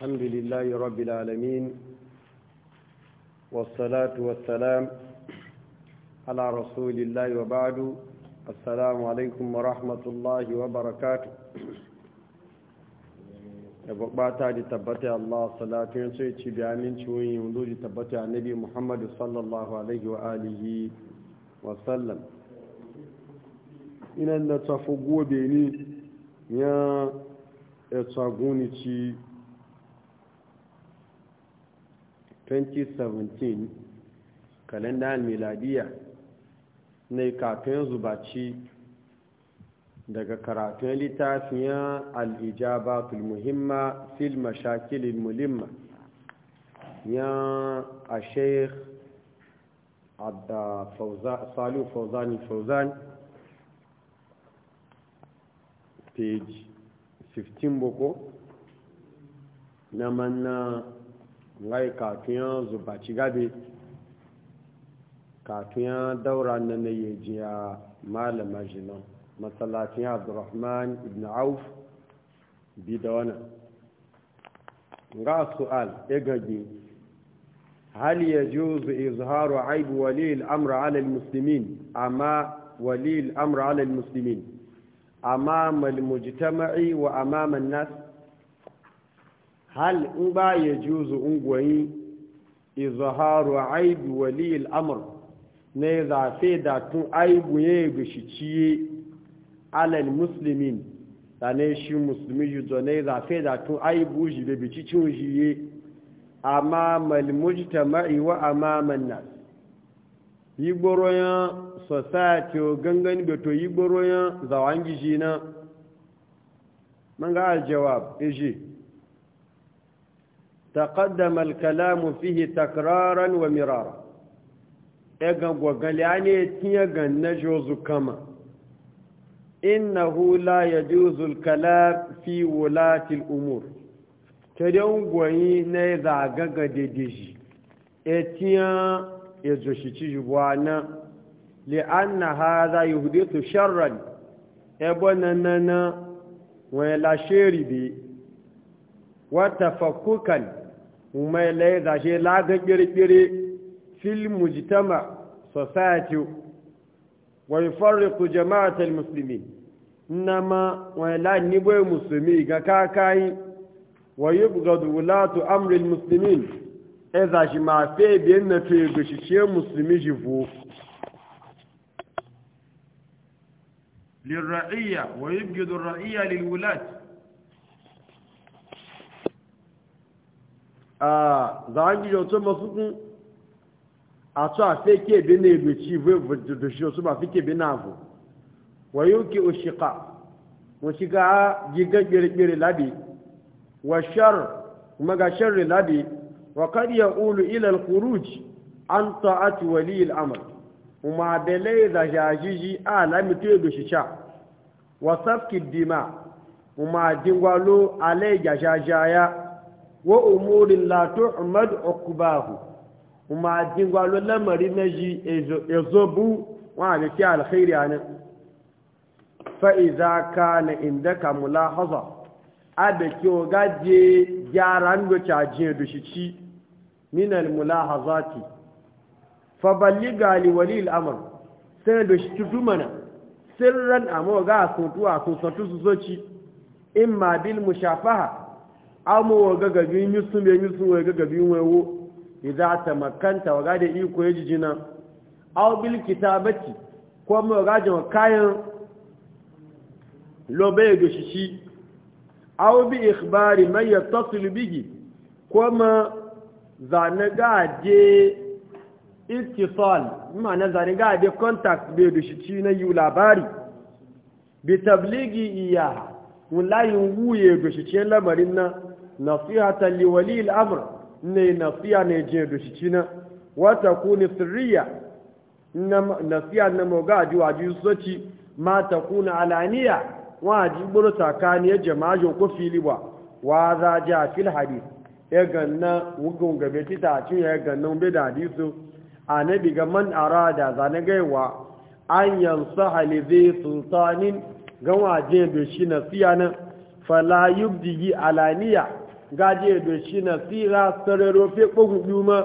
الحمد لله رب العالمين والصلاة والسلام على رسول الله وبعد السلام عليكم ورحمة الله وبركاته bata da tabbata Allah salatun sai ci da amincin yanzu da tabbata annabi Muhammad sallallahu alaihi wa wa sallam ina na tafi gobe ya tsaguni 2017 kalenda miladiya ne kafin zubaci daga karatun littafiyan al'ijaba tulmuhimma filma shakilin mulimma ya a sheikh salu fauzani fauzani page 15 boko na manna ngai katuyan zubaci gabe katuyan daura na na yi jiya malama jinan matsalacin abdurrahman ibn auf bi da wannan ga su'al egage hal ya juzu izharu aibu walil amr ala al muslimin amma walil amr ala al muslimin amama al mujtama'i wa amama an-nas hal in ba ya juzu ungoyi izaharu aibu wali al'amur na ya zafe da tun aibu ya yi ciye alal musulmin da ne shi musulmi yuzo na ya zafe da tun aibu shi da bicicin shi ye a mamal mujtama'i wa a mamal nas yi gboroyan society gangan beto yi gboroyan zawangi shi na man ga jawab eji تقدم الكلام فيه تكرارا ومرارا egan gwagaliane tiya gan na jozu kama innahu la yajuzu al-kalam fi wulati al-umur gwayi na zaga ga dedeji etiya yazo shi li anna hadha yuhdithu sharran ebonanana wa la sharibi wa kuma ya laye zashe laga kirkiri fil mujtama society wa yufarriqu jama'atal muslimin nama wa la nibo muslimi ga kakai wa yubghadu wulatu amri al muslimin e zashi ma fe biyan na to gushice muslimi jivo للرعية ويبجد الرعية للولاة a jíjọ tó mọ fúnkún àtọ́ àfẹ́ kéèbé náà èdè tí ìwé ìdòṣìṣẹ́ tó bá fi kéèbé náà fò wọ́n yóò kí òṣìkà wọ́n ti ká gbere gbèrègbèrè lábì wọ́n ṣẹ́rù maga ṣẹ́rù lábì wọ́n kárí ya ulu ilẹ̀ kuruj an tọ́ àti wàlí ìlàmàl wọ́n abẹ́lẹ́ ìdàṣà àjíjí àlàmì tó ìdòṣìṣà wọ́n sáfkì dìímà wọ́n máa dìngbà ló alẹ́ ìjàṣàṣà wa umurin la tu'mad okubahu kuma jingwa lo lamari na ji ezobu wa ga ki alkhairi an fa iza kana indaka mulahaza abe ki o gaje jaran go chaje do shi ci min al mulahazati fa balliga li wali al amr sai do shitu dumana sirran amma ga tuwa sun santu su imma bil mushafaha amu wa gagabin yusu mai yusu wa gagabin wayo idan ta makanta wa gada iko ya jijina aw bil kitabati ko mu gajin kayan lobe ga shishi aw bi ikhbari man yattasil bihi ko ma zane gaje ittisal ma'ana zane gaje contact be da shishi na yu labari bi tabligi iyaha wallahi wuye ga shishin lamarin nan nasihatan li wali al'amr ne nasiya ne je da shi cina wata kuni sirriya nasiha na moga a jiwa ji soci ma ta kuna alaniya wa ji buru tsakani ya jama'a ko fili ba wa za a fil hadith ya ganna wugun gabe tita cin ya ganna bai da hadisu annabi ga man arada zane gaiwa an yansa halize sultanin gawaje da shi na siyana fala yubdihi alaniya gaje da shi na tsira sararo fe kogu ma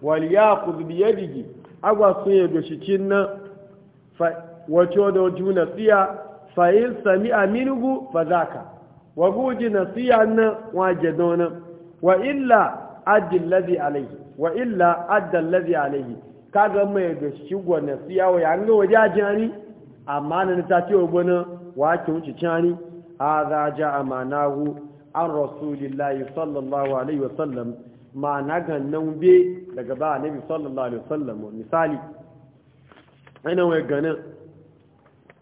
ku yaqud bi yadihi agwa sun ya doshi cin nan wato da juna tsiya fa in sami aminugu fa zaka wa guji nasiya nan wa jadona wa illa adin ladhi alayhi wa illa Ka ladhi ya doshi mai da shigwa nasiya wa yanga waje jani amma na ta ce wa gona wa ake wuce cani a za a ja amanahu an rasulillahi sallallahu alaihi wasallam ma na gannan be daga ba nabi sallallahu alaihi wasallam misali ina wai ganin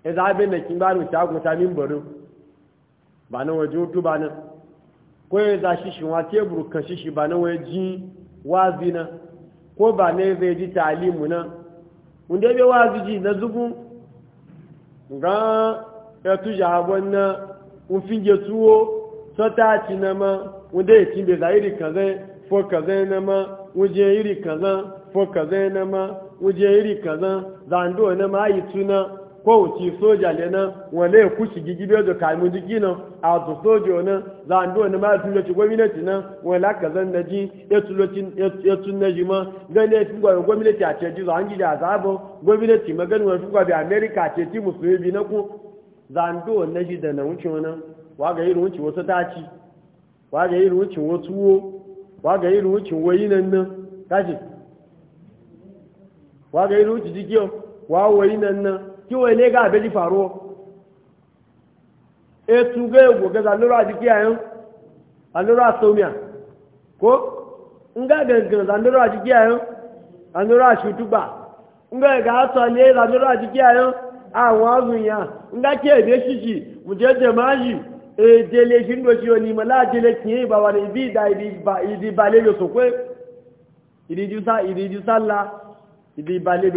idan eh, abin da kin bani ta ku ta min barin ba nan waje hutu ba nan ko ya za shi shi wa tebur ka shi shi ba nan waje ji wazi na ko ba ne zai ji talimu na wanda bai wazi ji na zubu ga ya tuja abon na un finge tuwo na ma sọ́tà àti nàmá wọ́dẹ̀ ìtìbẹ̀ láìrí kàzẹ́ fọ́ kàzẹ́ nàmá wọ́jẹ́ ìrì kàzán fọ́ kàzẹ́ nàmá wọ́jẹ́ ìrì kàzán zàndó nàmá yìí túná kowace soja ne nan wale ya kushi gigibe da kamun jiki nan a wasu soja na za a na ma su lokaci gwamnati na wani aka zan na ji ya tun na ji ma gani ya fi gwabi gwamnati a ce ji za a gida a zabo gwamnati magani wani fi gwabi amerika ce ti musulmi na ku za a na ji da na wuce wani waga irin wucin wasu taci waga irin wucin wasu wo waga irin wucin wayi nan nan kashi waga irin wucin jikiyo wa wayi nan nan kiwo ne ga abeli faro e tu ga ego ga zalura jikiya yan alura somiya ko nga gangan zalura jikiya yan alura shutuba nga ga aso ne zalura jikiya yan àwọn azùn yà nga dákẹ́ èdè ṣíṣì mùjẹ́jẹ̀ máa yìí ejele shi ndo shi oni mala ajele kiye ba wa ni bi da ibi ba idi ba le yo sokwe idi ju sa idi ju sala idi ba le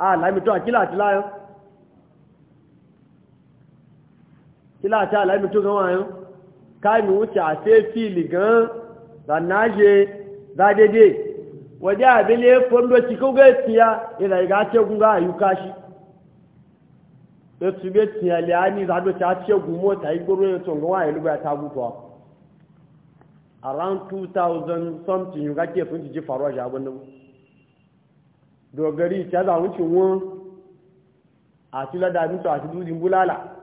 a la mi to akila akila yo kila ta e shi ya tube tiyali a ni zaɗo ta ce gumo ta yi goro ya tsonga wa ya luba ta gutuwa around thousand something yuga ke sun ji faruwa shi mu. nan dogari ta za wuce wọn a ti lada mutu a ti dudin bulala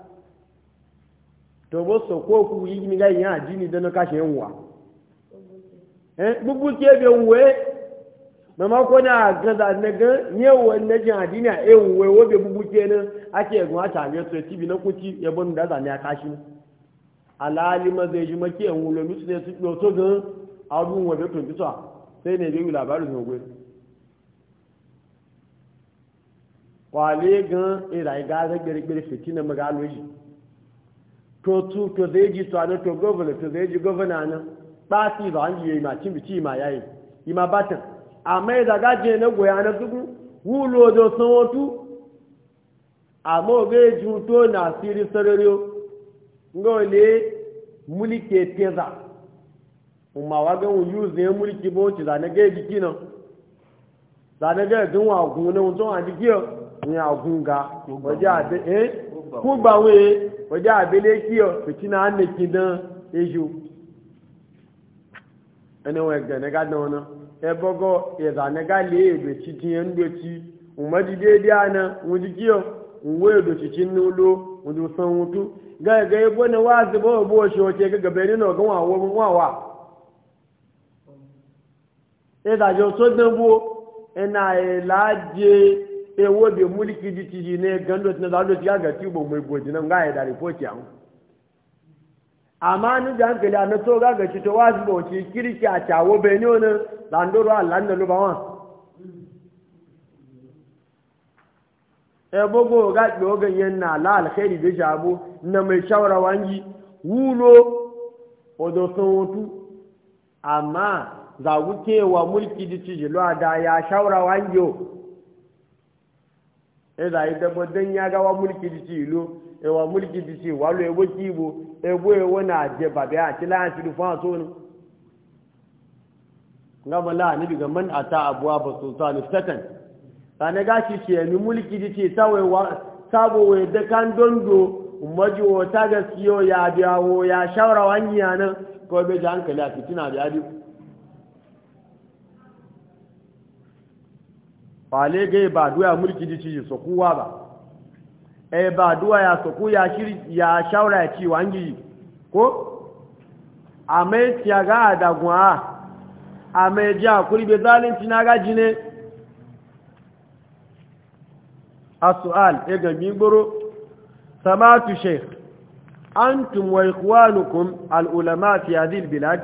to bo so ko ku yi ni ga yin ajini da na kashe yin wa eh mama ko na gaza na ga yawan na jin adini a ewu wai wabe bubu kenan ake yagun a tabi su ci bi na kuci ya bani da zane a kashi alalima zai ji maki yan wulo mutu ne su ɗauto gan abun wabe tun kisa sai ne biyu labarin zogwe kwale gan irai e gaza gbirgbir fitina magaloji to tu to zai ji ana to governor to zai ji governor ana ba su yi ba an yi ma cin bici ma yayi yi ma batin amma da gaje na goya na suku wulo na siri sarariyo o mulke teza umma waga un yuze mulki bo ci zane ga jiki nan zane ga dun wa gun ne un to an ni ga abe eh ku gba abele ki o fitina an eju ebogo izane gale egbe chitinye ndochi umajide dị ana nwujikiyo uwe edochichi n'ulo wujusan wutu ga ebo na wazi bo oche ga gabe ni na ogun awo wa wa ìdájọ́ tó dánwó ẹna ìlàjẹ ewó bí múlìkì di ti yìí ní gandó tí náà lọ́dọ̀ tí àgàtí gbogbo na náà ya. amma ni da hankali na to ga ga to wasu ba wace kirki a cawo bai ne wani landoro Allah da lubawa e bogo ga ɗo ganyen na la alkhairi da jabo na mai shawara wangi wulo odo sun wutu amma za wa mulki da cijilo da ya shawara wangi o e za yi dabbadan ya gawa mulki da cijilo ewa mulki disi walu ewo kibo ewo ewo na je babe a ti lan ti fa so ni ngama la ni biga man ata abwa ba sultan istatan sane ga shi ce ni mulki disi sawe wa sabo we da kan dondo umaji wo ta gaskiyo ya biya biyawo ya shawara wangiya nan ko be ji hankali a fitina da yadi fale ga e ba duya mulki disi so kuwa ba e ba duwa ya soku ya shiri ya shawara ya ci wangi ko a mai tiyaga a dagunwa a mai ji a kurbe zalunci na gaji ne a su'al ya e gami gboro samatu sheikh an tumwai kuwanukum al'ulama fi hadil bilad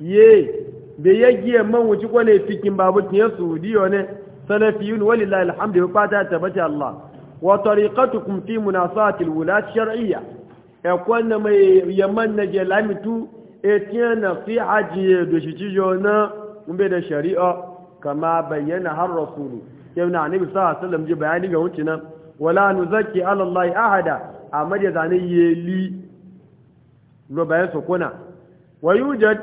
ye da ya giye man wuci kwane fikin babu tiyar saudiyo ne sanafiyun walillahi alhamdu ya kwata tabbata Allah wa tariqatukum fi munasati alwulat shar'iyya e kwanna mai yaman na je lamitu e tiyana fi ajiye da shi cijo na umbe da shari'a kama bayyana har rasulu yau na annabi sallallahu alaihi wasallam ji bayani ga wuce nan wala nuzakki ala allahi ahada amma da zane yeli lo bayan sokona wa yujad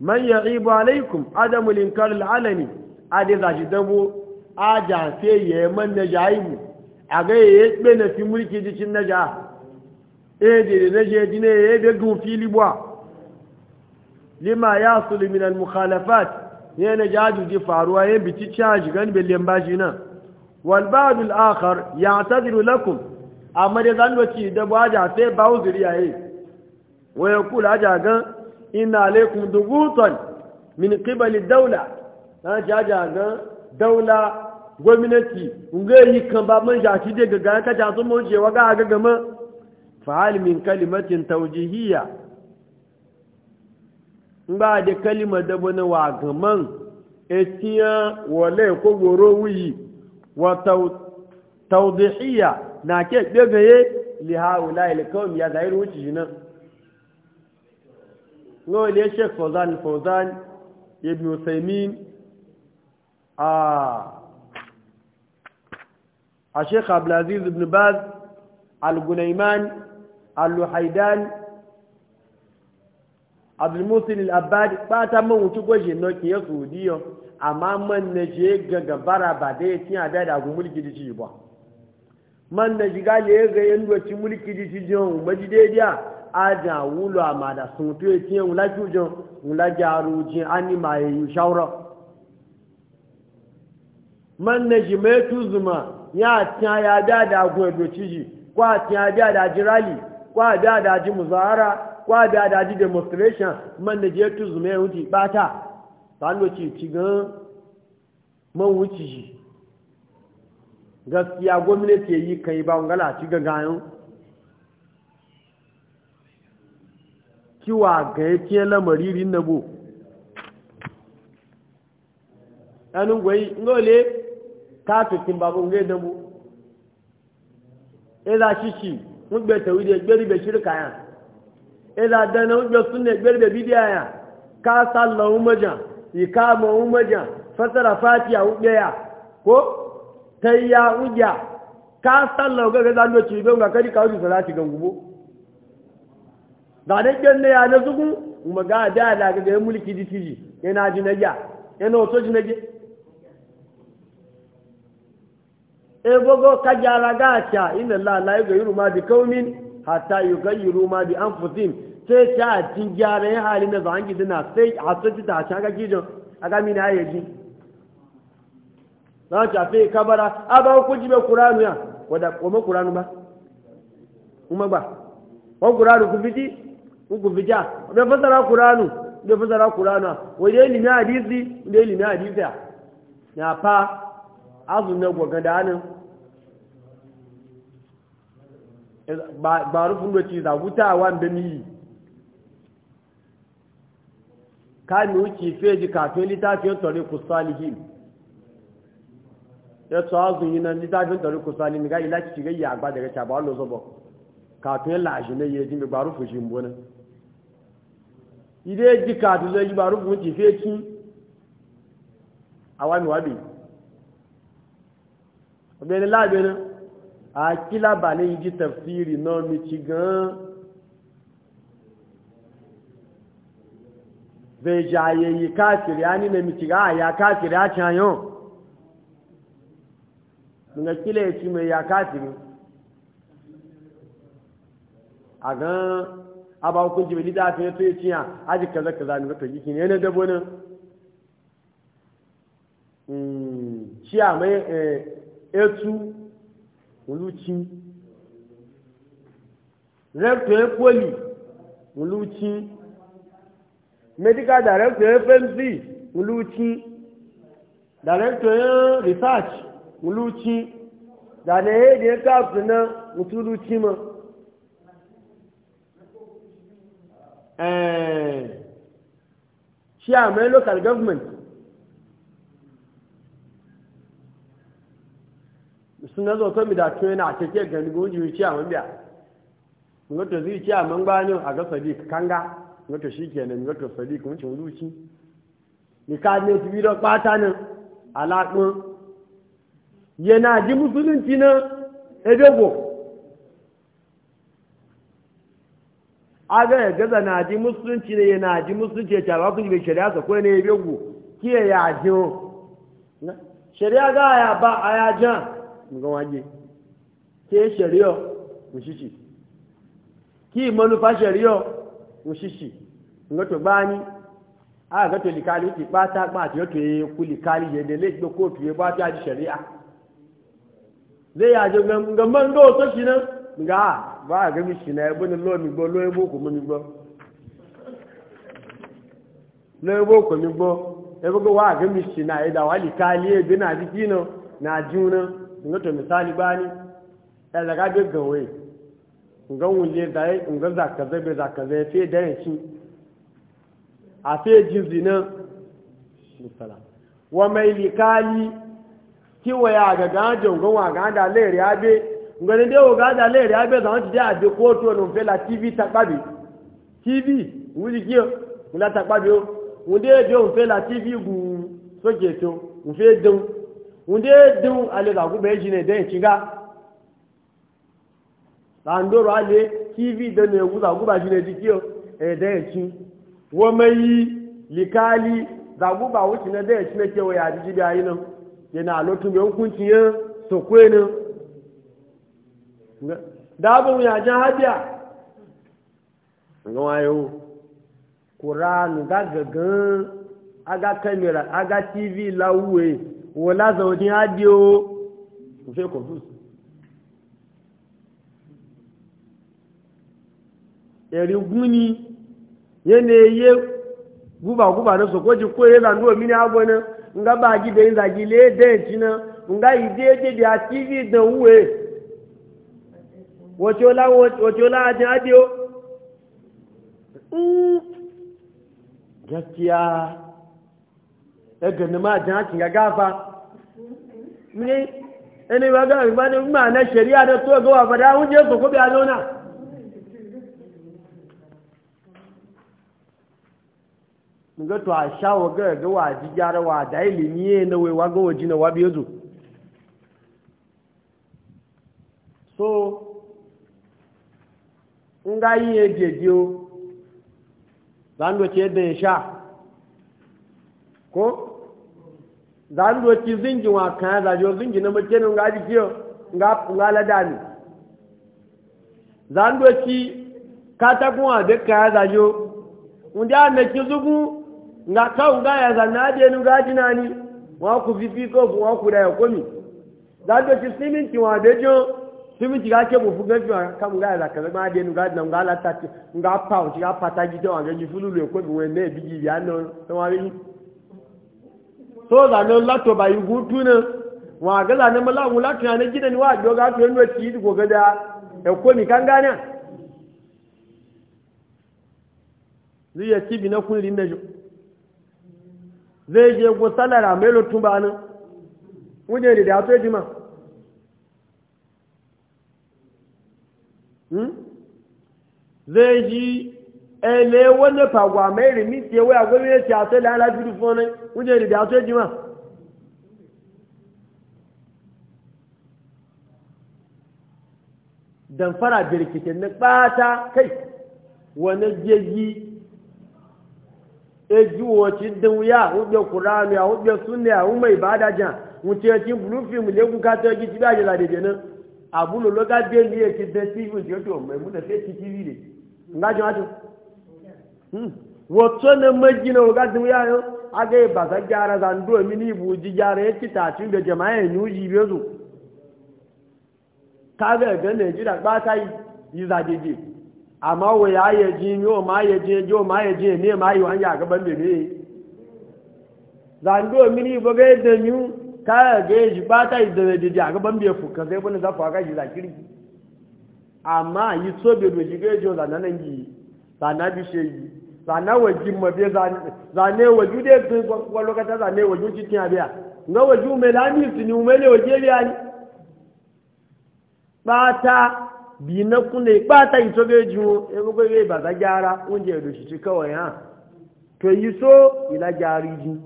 man ya'ibu alaikum adamul inkar alani ade zaji dabo aja fe yeman na jaimu a ga ya gbe fi mulki jikin na ja eh da na ya jine ya e be fili bwa lima ya sulmin al mukhalafat ya na jaju ji faruwa ya bici charge gan be lemba jina wal ba'd al akhar ya'tadiru lakum amma da zan wace da baja sai ba uzuri yayi waya kula ja inna alaikum dugutan min qibali dawla na jaja gan dawla gwamnati ngai yi kan ba man jaci daga gaga ka ta sun mun cewa ga ga gama fa hal min kalimatin tawjihiyya ba da kalima da bana wa gaman etiya wala ko goro wuyi wa tawdihiyya na ke gagaye li haula il kawm ya zahiru wuci jinan no le shek fozan fozan ibn usaymin ah a sheikh abdulaziz ibn baz al-gunaiman al-luhaidan abdulmusin al-abbad fata man wuce gwajin noki ya saudiya amma man na je ga gabara ba da ya tiya da da mulki da ba man na shiga da ya ga yin doci mulki da ci jan maji daidai a da amma da sun ma yi man na tuzuma ya tiya ya da da gwe doci kwa tiya da da ji rally kwa dada da ji muzahara kwa dada da ji demonstration man da je tu zume wuti bata ta loci ci gan man wuci ji gaskiya gwamnati yi kai ba ngala ci gagayen kiwa ga yake lamaririn nabo ɗanin gwai ngole káàkiri babu ngé dẹ́mu ẹ̀dá ṣíṣì ń gbé tẹ̀wídìí ẹgbẹ́rì bẹ̀ ṣírí kàyà ẹ̀dá ń gbé súnlẹ̀ ẹgbẹ́rì bídí àyà káàsá lọ ń mọ̀jà ìka ń mọ̀jà fẹ́sẹ̀rẹ̀ fàtì àwọn gbẹ̀yà kó tẹ̀yà ń jà káàsá lọ gẹ́gẹ́ dá lọ́ọ̀tì ìgbẹ́ ńgbà da ya na da da ga mulki yana jinaja yana na je. ebogo kajara gacha inna la la yughayyiru ma bi qaumin hatta yughayyiru ma bi sai ta tin gyara ya na dina sai a sai ta ta ga gijo aga min aye ji na ta fe kabara aba ku jibe qur'anu ya wada kuma qur'anu ba kuma ba ko qur'anu ku fiti ku fija fasara qur'anu da fasara qur'ana hadisi hadisi ya azunan gwagada nan ba rufin doci zagutawa da miyi kami wuce feji kafin littafin tariku salihin ya tsawo azun yi nan littafin tariku salihin ga ilaci shiga yi ba daga caba wallo zobo kafin lashi na yi jimi ba rufin shimbo nan ide ji kafin zai yi ba rufin wuce feji a wani wabi ọ̀gbẹ́ni láàbẹ̀rẹ̀ àkílàbà ní ìdí tẹ̀fìrì náà mi ti gan-an bẹ̀ẹ̀jà ayẹyẹ káàkiri a nílẹ̀ mi ti gá àyà káàkiri a ti àyàn nǹkan kílẹ̀ mẹ́ ya káàkiri àgán fi yi aji ka etu uluchi rector ekweli uluchi medical director fmc uluchi director research uluchi da na eji ekaps na ntuluchi ma chairman local government suna zo kan da to yana cike gani go ji ci a mambiya ngoto zai ci a man bani a ga sadiq kanga ngoto shikenan ngoto sadiq mun ci luci ni ka ne su biro kwata nan alaƙun yana ji musulunci na edego aga ya gaza na ji musulunci ne yana ji musulunci ya tara kun bai shari'a sa ko ne edego kiyaye ya ji shari'a ga ya ba a ya jan nga waje ke shari'o mushishi ki manufa shari'o mushishi nga to bani a ga to likali ti bata ba ti to ye ku likali je de le gbo ko tu ye ba ti shari'a zai ya je ga man do to shi nga ba ga mi shi na e bo ni lo mi gbo lo e bo ko mi gbo lo e bo ko mi gbo e bo ga wa ga mi shi na e da wa likali e bi na bi kino na juna nga to misali bani da daga ga gawe nga wuje da yi nga zaka zabe zaka zai fe da yanki a fe na musala wa mai likali kiwa ya ga gajin gwa ga da lere abe nga ne dewo ga da lere abe da wanci da de ko to no fe la tv ta kabi tv wuli kiyo mula ta kabi o wunde de o fe la tv gu soje to o fe don wunde dun ale eji na shi ne dan shiga randoro ale tv da na gu zagu ji na ne dikiyo eh dan shi wo mai likali zagu ba e e wuce e na dan shi ne ke waya diji da yi nan yana lotun bai hukunci ya sokwe ne da bu ya jan hadiya ga wayo qur'an ga gagan aga kamera aga tv lawuwe wala zaune hadiyo ku fai confuse eri na ẹgbẹ̀rún máa jẹ́ àti gàgáfà ní ẹni wàgá ìgbà ní ṣẹ̀rí àdó tó ẹgbẹ́ wà fàdá oúnjẹ kòkó bí alọ́ náà nga to a sha wa ga ga wa ji jara na ye o zan Zan mu zingi wa kan za jo zingin na mace ga ji kiyo ga la da ni za mu ka kata kun wa de ka za jo unde da ne ki zugu ga ka ga ya za na de nun gaji nani wa ku fi ko wa ku da ya komi za mu simin siminti wa de jo siminti ga ke bu ga ji wa ka mu ga ya za ka ma de nun gaji na ta lata ga pa u ti ga ta ji de wa ga ji fulu le ko bi we ne bi ji ya no to e wa ri so zanen lato ba yi hutu wa ga zanen malamu lato na gida ni wa jo ga to yanzu ci ko ga da ya e ko mi kan gane zai ya ci bi na kullin da zai je go salara mai lotun ba nan wuje da to jima hmm zai ji ele wani fagwa mai rimiti ya waya gwamnati a sai da ala fi rufo ne wujen ribi a sai jima dan fara na ɓata kai wani jeji eji wace din wuya hujje kuranu ya hujje sunna ya umai ba da jan wuce cin bulufi mu e legun ka ta gici ba jira daidai nan abu lologa biyar da wato na magina wa gajin yayo aga yi ba sa gyara zando mini buji gyara ya kita cin da jama'a ya nuji biyo zo ta ga ga najeriya ba ta yi yi zajeje amma wa ya yi ji yo ma ya je yo ma ya je ne ma yi wani a gaban bebe zando mini ba ga yadda ni ta ga yi ba ta yi da zajeje a gaban bebe fuka sai wani zafi a gaji zakiri amma yi so bebe shi ga yi jo zananan yi zanabi shi yi zane waji mabe zane waji dai sun kwa lokacin zane waji cikin abiya ga waji umelani su ni umele waje biya ni bata bi na kunne bata iso ga jiwo ya gbogbo ya ba za gyara wunje ya doshi kawai ha to yi so ila gyari ji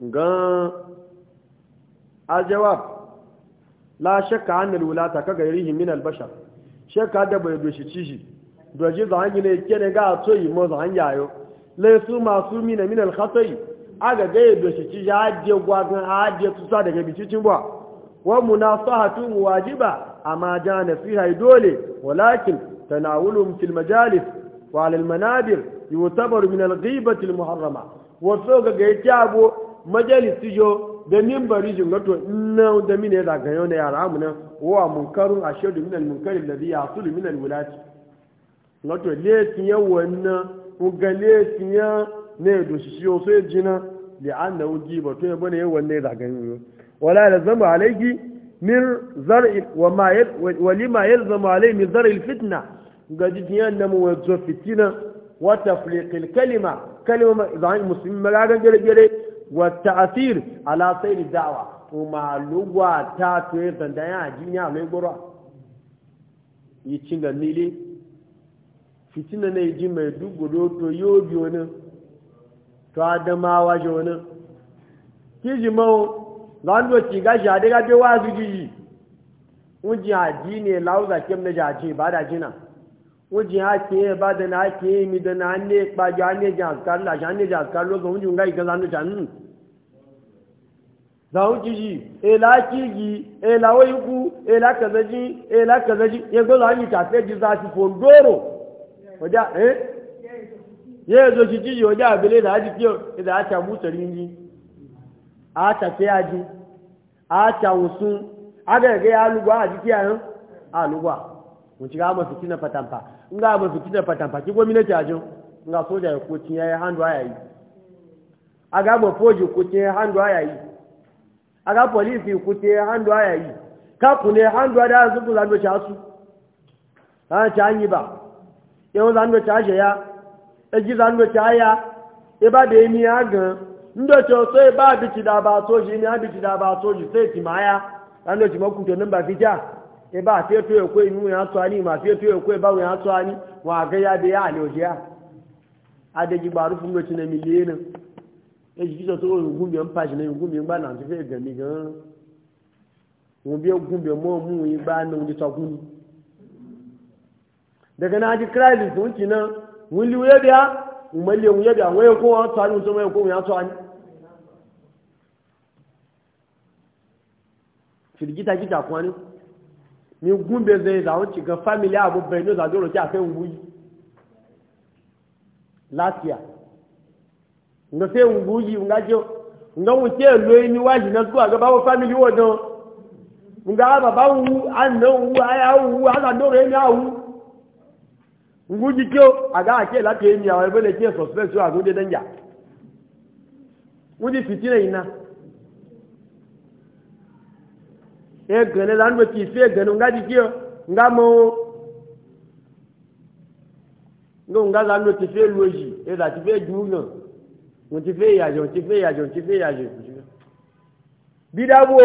gan aljawab la shakka an lulata kaga gairihi himina albashar shakka da bai doshi ci shi doji zangi ne kene ga to yi mo ya ayo le su masu mina min al khata'i aga ga do shi ci ya je gwa gan a je tusa daga bicicin ba wa munasahatu wajiba amma ja nasiha dole walakin tanawulum fil majalis wa al manadir yutabar min al ghibati al muharrama wa so ga ga jabo majalisi yo da mimbari jin gato na da mine da gayo ne yara mu wa munkarun ashadu min al munkari alladhi yasulu min al wulati lọ́tọ̀ léèkìyàn wọ̀nà ọgá léèkìyàn na ìdòṣìṣì oṣù ìjìnà lè ànà ojú ìbọ̀ tó yẹ bọ́nà yẹwọ̀n náà ìdàgànyìn wọ́n na mu fitina wata kalima kalima zahani musulmi wata asir ala sai da'awa kuma lugwa ta to ya zanda ya mai gura yi cin da nile fitina na ji mai duguro to yobi wani to adamawa ji wani kiji mawo lando ci gashi a daga bewa su jiji wujin haji ne lauza kim na jaji ba da jina wujin haki ne ba da na haki ne mi da na hannu kpaji ne jaskar lashi hannu jaskar lokacin wujin ga ikan zanu can zahun kiji ela kigi ela oyiku ela kazaji ela kazaji ya gozo hanyar tafiya ji zafi e e e fondoro ọjà ẹ́ yẹ́ èso ṣíṣí yìí ọjà àbẹ̀lẹ̀ ìdá àti ìdá àti àmúṣẹ̀rí ń yí àtàfẹ́ ajé àtàwòsún agẹ́gẹ́ alùgbà àti kí àrùn alùgbà wọ́n ti ráàmọ̀ ń kí àjọ ń sójà ẹ̀kọ́ ti hàndù àyà yìí kò ti hàndù àyà yìí agá pọ̀lífì kò ti hàndù àyà yìí hàndù àdáyà láti yawon zangoci ashe ya eji zangoci aya eba da emi ya gan ndoci oso ebe abici da ba soji emi abici da ba soji sai ti ma ya zangoci makuto nke ba fita eba a fiye tuyo kwe inu ya tuwa ni ma fiye tuyo kwe ba ya tuwa wa aga ya da ya aloji ya adịghị gbaru ụfụ goci na miliyanin eji kisa so ogunbi mpa fashi na ogunbi ngba na ti gami gan-an wọn bí ogunbi mọ́ igba náà daga na ji crisis mun ci nan mun liwe biya mun malle mun yabiya waye ko wa tsari mun zama ko mun ya tsani firgita kita kwani ni gumbe zai za wuce ga family abu bai no da dole ki akai wuyi lafiya nga sai wuyi nga je nga wuce loyi ni waji na zuwa ga bawo family wo don nga baba wu an no wu aya wu ala dole ni awu nguji kyo aga ake lati emi awon ebe leke suspect yo agunde danja nguji fitina ina e gane ẹgbẹ̀rẹ̀ we ti fi ẹgbẹ̀rẹ̀ nga di kyo nga mo ngo nga lan we ti fe loji e da ti fe juno mo ti fe yajo ti fe yajo ti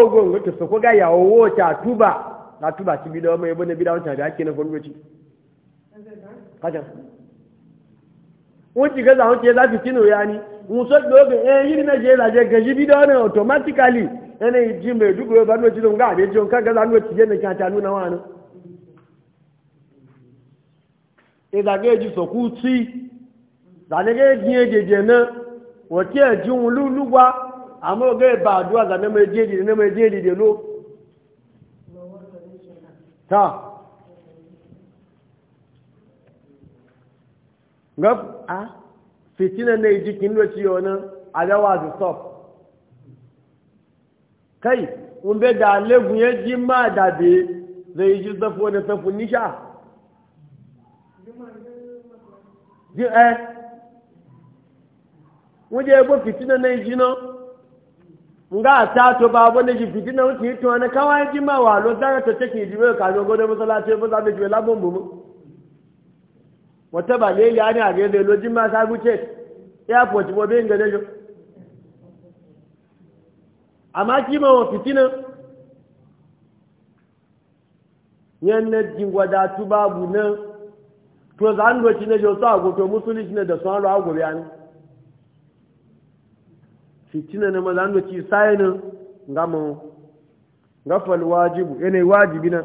ogo ngo to so ko ga ya owo ta tuba na tuba ti bidawo mo ebe ne bidawo kajan wọ́n ti gẹ́gẹ́ àwọn tí ẹ láti sínú ya ni wọ́n sọ pé oge eh, ẹ yìí bí dáná automatically ẹni ìjì ìdúgbò ẹ̀bá ní òtítọ́ nǹkan àbẹ́jọ nǹkan gẹ́gẹ́ àwọn òtítọ́ ní kíkà tánú náà wà ìdàgẹ́jì sọ̀kú tí ìdàgẹ́jì ẹ̀ gab a fitina na yi jikin lokaci wani a gawa da stop kai un bai da legun ya ji ma da be zai yi ji zafo da safu nisha ji ɛ, e. eh wuje ebo fitina na yi ji no nga ta to ba bo ne ji fitina wuce to na kawai ji ma wa lo zara to take ji ka zo godo masallaci ba za da ji labon mu wata ba ne ya ne a ga yadda lojin ma sabu ce ya kwaci bobe in gane jo amma kima wa fitinan yannan jingwada tu babu nan to za an doci na jo su agoto musulunci ne da sun halo agobe ne fitina na maza an doci sayanin gama gafal wajibu yanayi wajibi na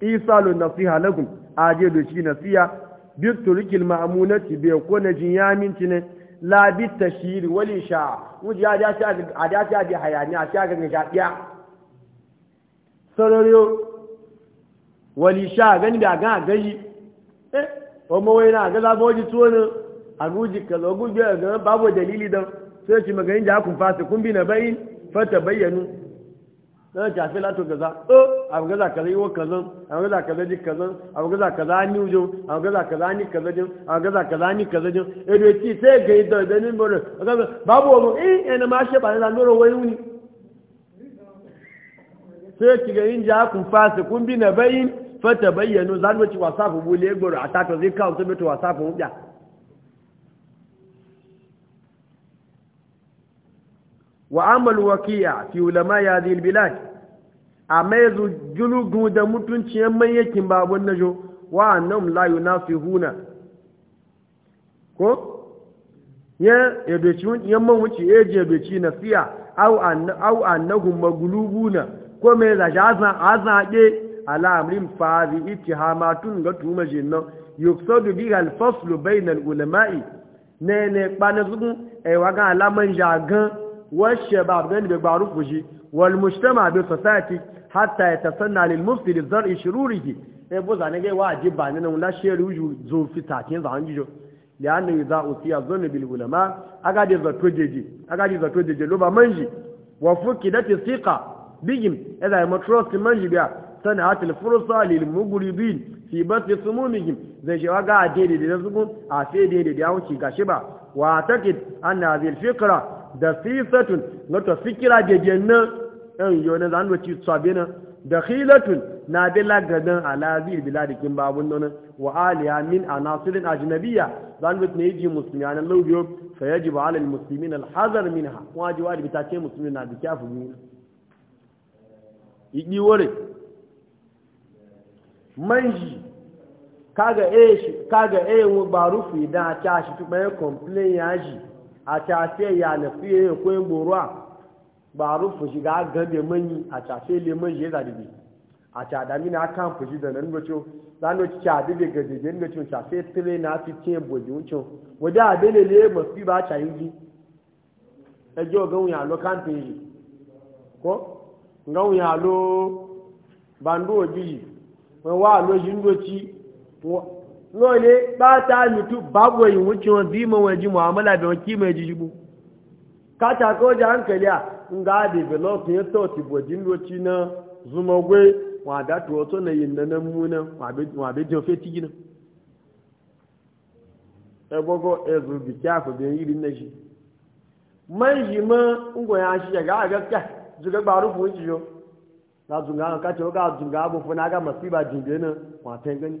isalun nasiha lagun aje doci nasiha bi turkil ma'munati ko na jin ya minti ne la bi tashiri wani sha wuji ya dace a dace a hayani a sha ganin sha ɗaya sarariyo wani sha gani da gan gayi eh kuma wai na ga ba waje tuwo ne a guji ka zo a ga babu dalili don sai ci maganin da akun fasa kun bi na bayin fata bayyanu na jafe lato gaza o eh, abu gaza kaza wa kazan abu gaza kaza ji kazan abu gaza kaza ni ujo abu gaza kaza ni kaza jin abu gaza kaza ni kaza jin edo ti sai ga yi da ni bore babu wani eh yana ma shi ba ne zan dora wani wuni sai ki ga yin ja kun fasa kun bi na bayin fata bayyano zan wuce wasafu bule goro a tato zai kawo sabato wasafin wuya wa amal waqi'a fi ulama ya zil bilad amma yazu julugu da mutunci yan mayyakin babun najo wa annam la yunafihuna ko ya ebeci yan man wuce ya je ebeci na fiya au an au annahum maglubuna ko me za jaza azade ala amrin fa bi ittihamatun ga tuma jinna yuksadu bi al faslu bayna al ulama'i ne ne pa na zugun e wa ga alaman jagan والشباب دين بيعرف وجي والمجتمع بالسوسايتي حتى يتصنع للمفسد الزرع شروره ebo zane ga wajib ba ne nan la sheru ju zo fitakin zan jijo lianu idza utiya zanna bil ulama aga de zato deje aga de zato deje lo ba manji wa fukidati thiqa bihim idza matrust manji biya sana'at al fursa lil mughribin fi bathi sumumihim zai je waga de de da zugun a sai de de da ba wa da fisatun na to fikira jejen nan ɗan yau na zanen ci sabi nan da khilatun na bi lagadan alazi bila da kin babun nan wa aliya min anasirin ajnabiya zanen wacce ne yi musulmi a nan laubiyo ya ji ba alal musulmi na alhazar min ha kuma ji wa ta ce musulmi na da kyafu biyu yi wore manji kaga eh kaga eh mu barufu idan a ta shi tubaye complain ya ji a tafe ya na fiye ya koyin boruwa ba rufu shiga gan manyi a tafe le manyi ya zaɗi a cada mina kan fushi da nan gaco zano ci cadi da gajejen gaco tafe tire na fi cin boji wucin wadda abin da le fi ba ta yi ẹjọ́ gánwìn àlọ́ káńtì yìí kọ́ gánwìn àlọ́ bàndó òjì yìí wọ́n wá àlọ́ yìí ń lọ́tí lole bata ta mutu babu yin wucin wa bi man waji mu'amala da wanki mai jijibu ka ta ko da hankali a nga develop ya to ti bojin loci na zuma gwe wa da to na yin nan wa be be jo fe tigina e bogo e zu bi ta fo be man yi ma ngo ya shi a ga ka na masiba jinbe na gani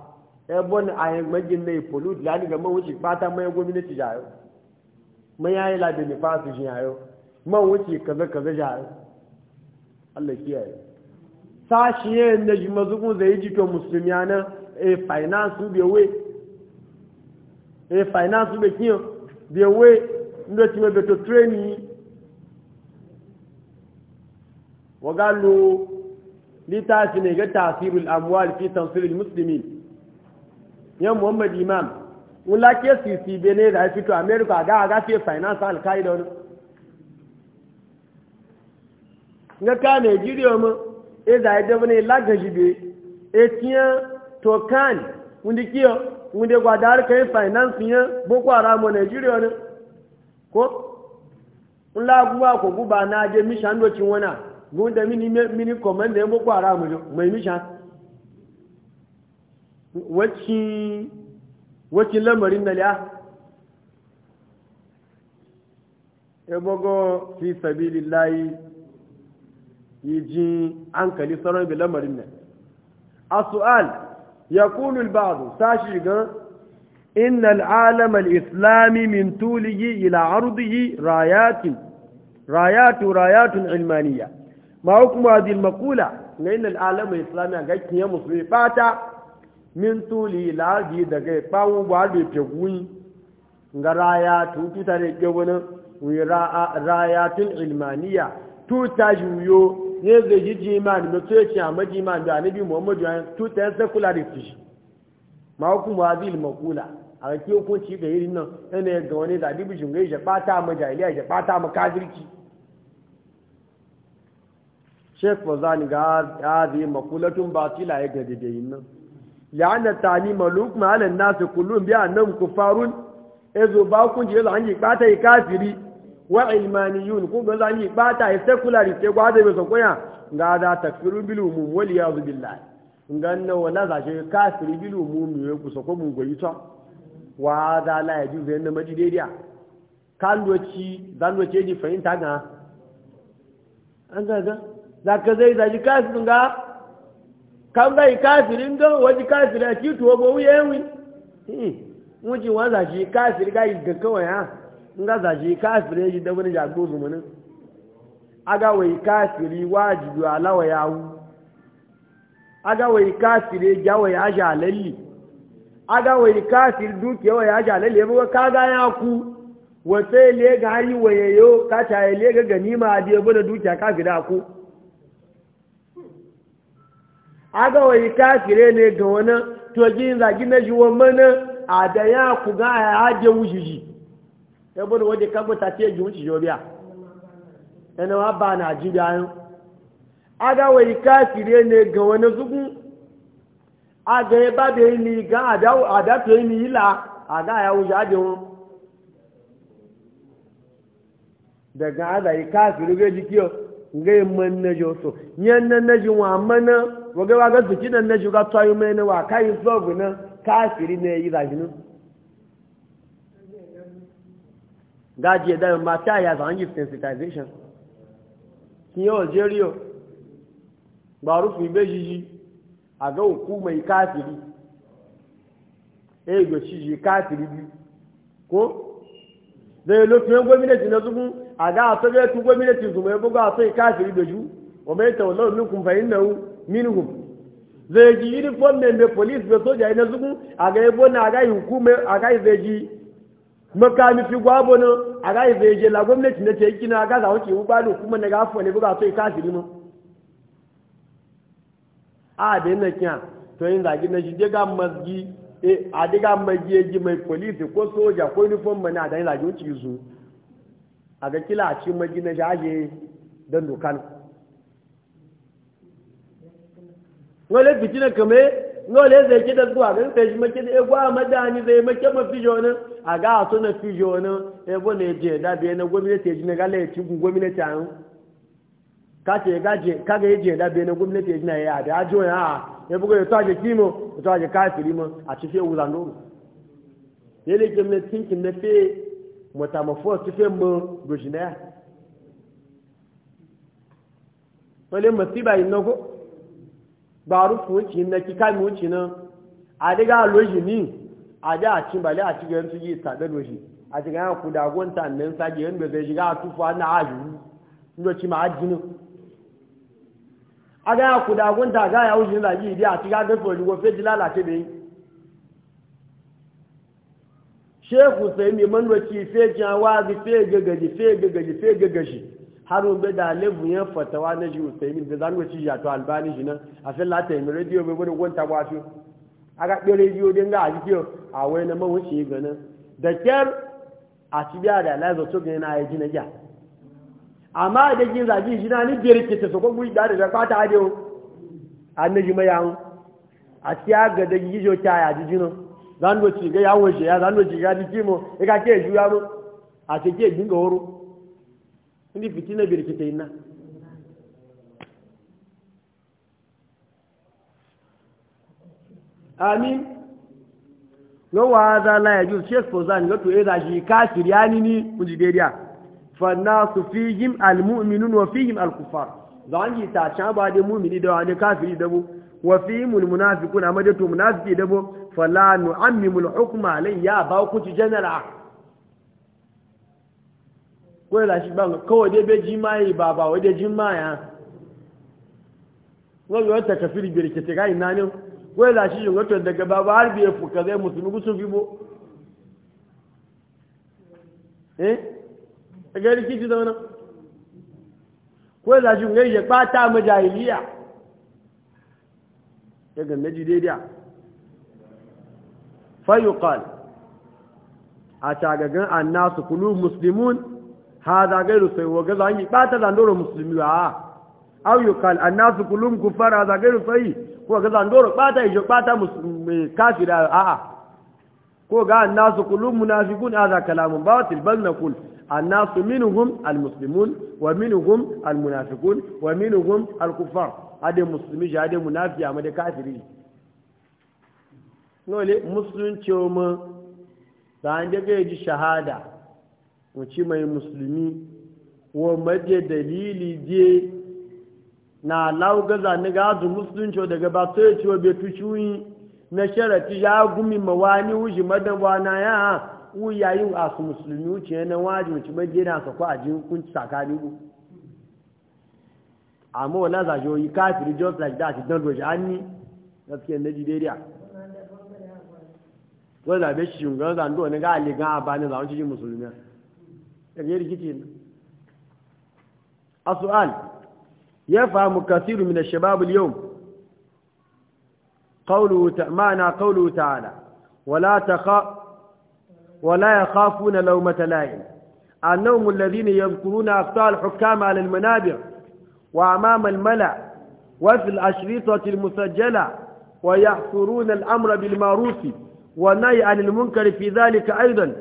ebon a yin na ipolu da ni gama wuce fata mai gwamnati jayo mai yayi labe ne fasu shi yayo man wuce kaza kaza jayo Allah kiyaye sashi ye na ji zai e, e, wagalu litashi ne ga tasirul amwal fi tanfiril muslimin yan muhammad imam wula ke sisi bene da fito america ga ga fi finance al-qaida wani nga ka nigeria mu e da ide bane laga jibe e, e tiya to kan wundi kiyo wundi gwa dar kai finance ya boko haram nigeria ne ko nla guwa ko guba na je mission do cin wana gunda mini mini command ne boko haram mai mission Wacce lamarin na liya ebogo fi sabili layi yi ji an kali sauran bi lamarin nan a su'al ya kunul ba'adu sashi shiga inna al'alam al'islami min tuliyi ila arziki, rayatin rayatu rayatun ilmaniya ma hukuma zil makula na inna islamiyya al'islami a gakkiyar musulmi fata min tuli laji daga bawu ba da teguyi ga raya tuta da ke wani rayatun ilmaniya tuta juyo ne zai ji ma ni to ce a ma da anabi muhammadu ya tu ta secularist shi ma hukun ba zai maqula a ke ci da irin nan yana ga wani da dibi jungai ya pata ma jahiliya ya pata ma kafirci shek fazani ga hazi makulatun batila ya da yin nan la'anna tanima lukma ala nas kullum nan ku kufarun ezo ba kun je la hanji bata yi kafiri wa ilmaniyun kun ga zanyi bata yi secular ce gwada be sokoya ga da takfiru bil umum wal yaz billah nganna wala za je kafiri bil umum ne ku soko mun goyi ta wa da la ya juze na majidediya kalwaci zanwace ji fahimta ga an ga ga zaka zai zaji kafin ga kamba ikafiri ndo waji kafiri akitu wobo uyewi muji waza ji kafiri ga igaka waya nga za ji kafiri ji da wani jagozu mun aga wai kafiri wajibi alawa yawo aga wai kafiri jawa ya ja lalli aga wai kafiri duke wa aja ja lalli yabo kaga ya ku wace le ga yi wayeyo ka ta le ga ganima da yabo da duke kafiri ku aga wai kafire ne ga wani to gina zagi na jiwa mana a da ya ku ga ya haje wujiji ya bude waje kabuta ce ji wuce jobiya yana wa ba na ji bayan aga wai kafire ne ga wani zugu aga ya ba da ni ga a da to ni ila aga ya wuce haje wani daga azayi kafire ga jikiyo ngai man na jo so nyan na na jin wa ga waga waga zuki na na juga tayu mai na wa kai zogu na kafiri ne yi zajinu gaji da ma ta ya zan yi sensitization kin yo jerio ba rufu be jiji a ga hukumai kafiri eh go shi kafiri ko zai lokacin gwamnati na zugun a ga a sojoji tun gwamnati su mai buga sai kafiri da ju wa mai taulau minkum fa innahu minhum zai ji uniform ne mai police da soja ina zugu a ga yabo na ga hukumar a ga zai ji makami fi gwabo na a ga zai je la gwamnati na ce kina ga za wuce ba da kuma na ga fa ne buga sai kafiri mu a da yana kiya to yin zagi na shi daga mazgi eh a daga mazgi e ji mai police ko soja ko uniform mana da yin zagi wuce su a ga kila a cikin na jaje don dokan wale na kame wale zai ki da zuwa ganin sai shi maki da egwa eh, madani zai maki mafi jonin a ga a suna fi jonin ebo eh, ne je da biye na gwamnati ya ji na gala ya ci gun gwamnati an ka ce ka ga je da biye na gwamnati ya ji na ya da ajo ya a ah, ya buga ya tsaje kimo ya tsaje kafiri ma a cikin wuzan doro yadda gwamnatin kin na fe metamorphose ti fẹ́ mọ gòjìnà wọ́n lè mọ̀ síbà ìnáwó gbàrú fún òkì iná kíká mi òkì náà àdégá lóyì ní àdé àtìbàlẹ̀ àti gẹ̀ẹ́ tó yi ìtàbẹ̀ lóyì àti gẹ̀ẹ́ kò dàgbọ́n tà ní ń sáyé ń bẹ̀rẹ̀ yìí gáà túfọ́ náà ààyè ló ma máa jìnà àgá kò dàgbọ́n tà gáà yà ó yìí nílà yìí ìdí àti gáà gẹ́fọ̀ ìlú wọ́n fẹ́ di lálàtẹ́bẹ̀ẹ́ shehu sai mai manwaci fe wazi fe gagaji fe gagaji fe gagaji har wanda da lebu ya fatawa na ji usaimin da zan wace ya to albani shi nan a fi lata yi rediyo bai wani gwanta ba su a ga ɗin rediyo din ga a jikiyo a wai na mawuce ga ganin da kyar a ci biya da lazo to gani na ya ji na gya amma da gin zagi shi na ni biyar ke ta sokon gwi da da kwata a dewo an na ji mai yawon a ci ya ga da gijo ta ya ji jinan zanwo ci ga yawo shi ya zanwo ci ga dikimo e ka ke juya mu a ce ke dinga horo ndi fitina birkita inna amin lo wa za la ya ju shek fozan lo to e da shi kafir yani ni kuji deriya fa nasu fihim almu'minun wa fihim alkufar zanji ta cha ba de mu'mini da wa de kafiri da bu wa fihim almunafiqun amma de to munafiki da bu fala nu'ammimul hukma alai ya ba hukunci general kawai shi ba, kawai dai bai jima'i ba ba wai dai jimaya wani wata kafir birkita ga ina ne kawai shi yin wato daga baba har biye fuka zai musulmi gusun fibo eh ga rikici da wani kawai lashi yin gari ya kpata majahiliya ya ganna ji daidai fayuqal a tagagan annasu kulu muslimun hadha gairu sai wa ga zan yi bata zandoro muslimi a aw yuqal annasu kulum kufara hadha gairu sai ko ga zandoro bata ijo bata muslimi kafira a a ko ga annasu kulum munafiqun hadha kalamun batil bal naqul annasu minhum almuslimun wa minhum almunafiqun wa minhum alkufar ade muslimi ja ade munafiqi amade kafiri nole musulunci mu da an daga ji shahada wuce mai musulmi wa maje dalili je na laugaza ni gazu musulunci daga ba sai ciwo bai tuci na sharafi ya gumi wani wuji madawa na ya uya yi a su musulmi wuce na waje wuce maje na sakwa a jin kunci tsakani ku amma wala zaje yi kafiri just like that don't wish an ni gaskiya na ji wani zaɓe shi shugaban zando wani ga aligan a bani zaɓen cikin musulmi ɗage rikici ne a su'al ya famu kasiru mina shababul yau ma'ana kaulu ta'ala wala ya kafu na laumata la'in annahum alladhina yadhkuruna aqsal hukama 'ala al-manabir wa amama al-mala wa fi al-ashrita al-musajjala wa yahsuruna al-amra bil ma'ruf والنهي عن المنكر في ذلك أيضا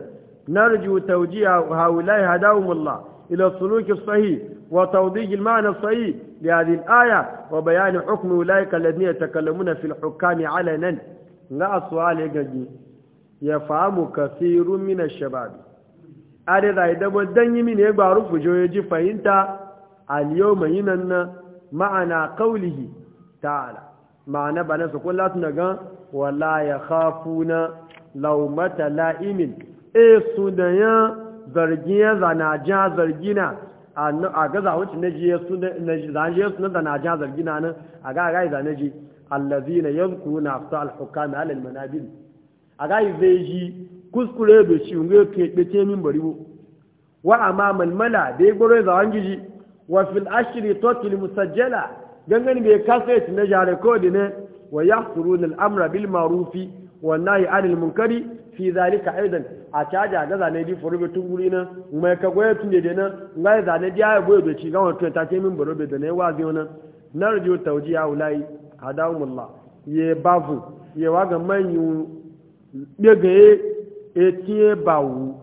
نرجو توجيه هؤلاء هداهم الله إلى السلوك الصحيح وتوضيح المعنى الصحيح لهذه الآية وبيان حكم أولئك الذين يتكلمون في الحكام علنا لا السؤال يجي يفهم كثير من الشباب أرد أيضا والدني من يبارو فجويجي فإنت اليوم هنا معنى قوله تعالى ma'ana ba na su kula suna gan wala ya khafu na laumata la'imin e su da ya zargi ya zargi na a ga zawuci na ji su na zargi na nan a ga ga zanaji allazi na yanku na alhuka alhukami alal manabin a ga zai ji kuskure da shi ungo ya kebe min bu wa amma malmala da ya gwaro ya zawon giji wa fil ashiri totil musajjala gangan bai kasa na jare kodi ne wa yahsuruna al-amra bil ma'rufi wa nahi 'anil munkari fi zalika aidan a caja ga zane di forobe tunguri na mai ka goye tunde de na ngai zane di ayi goye do ci ga wato ta ce min borobe da ne wazi ona narju tawjiya ulai hadawumullah ye bavu ye ga manyu bege e tie bawu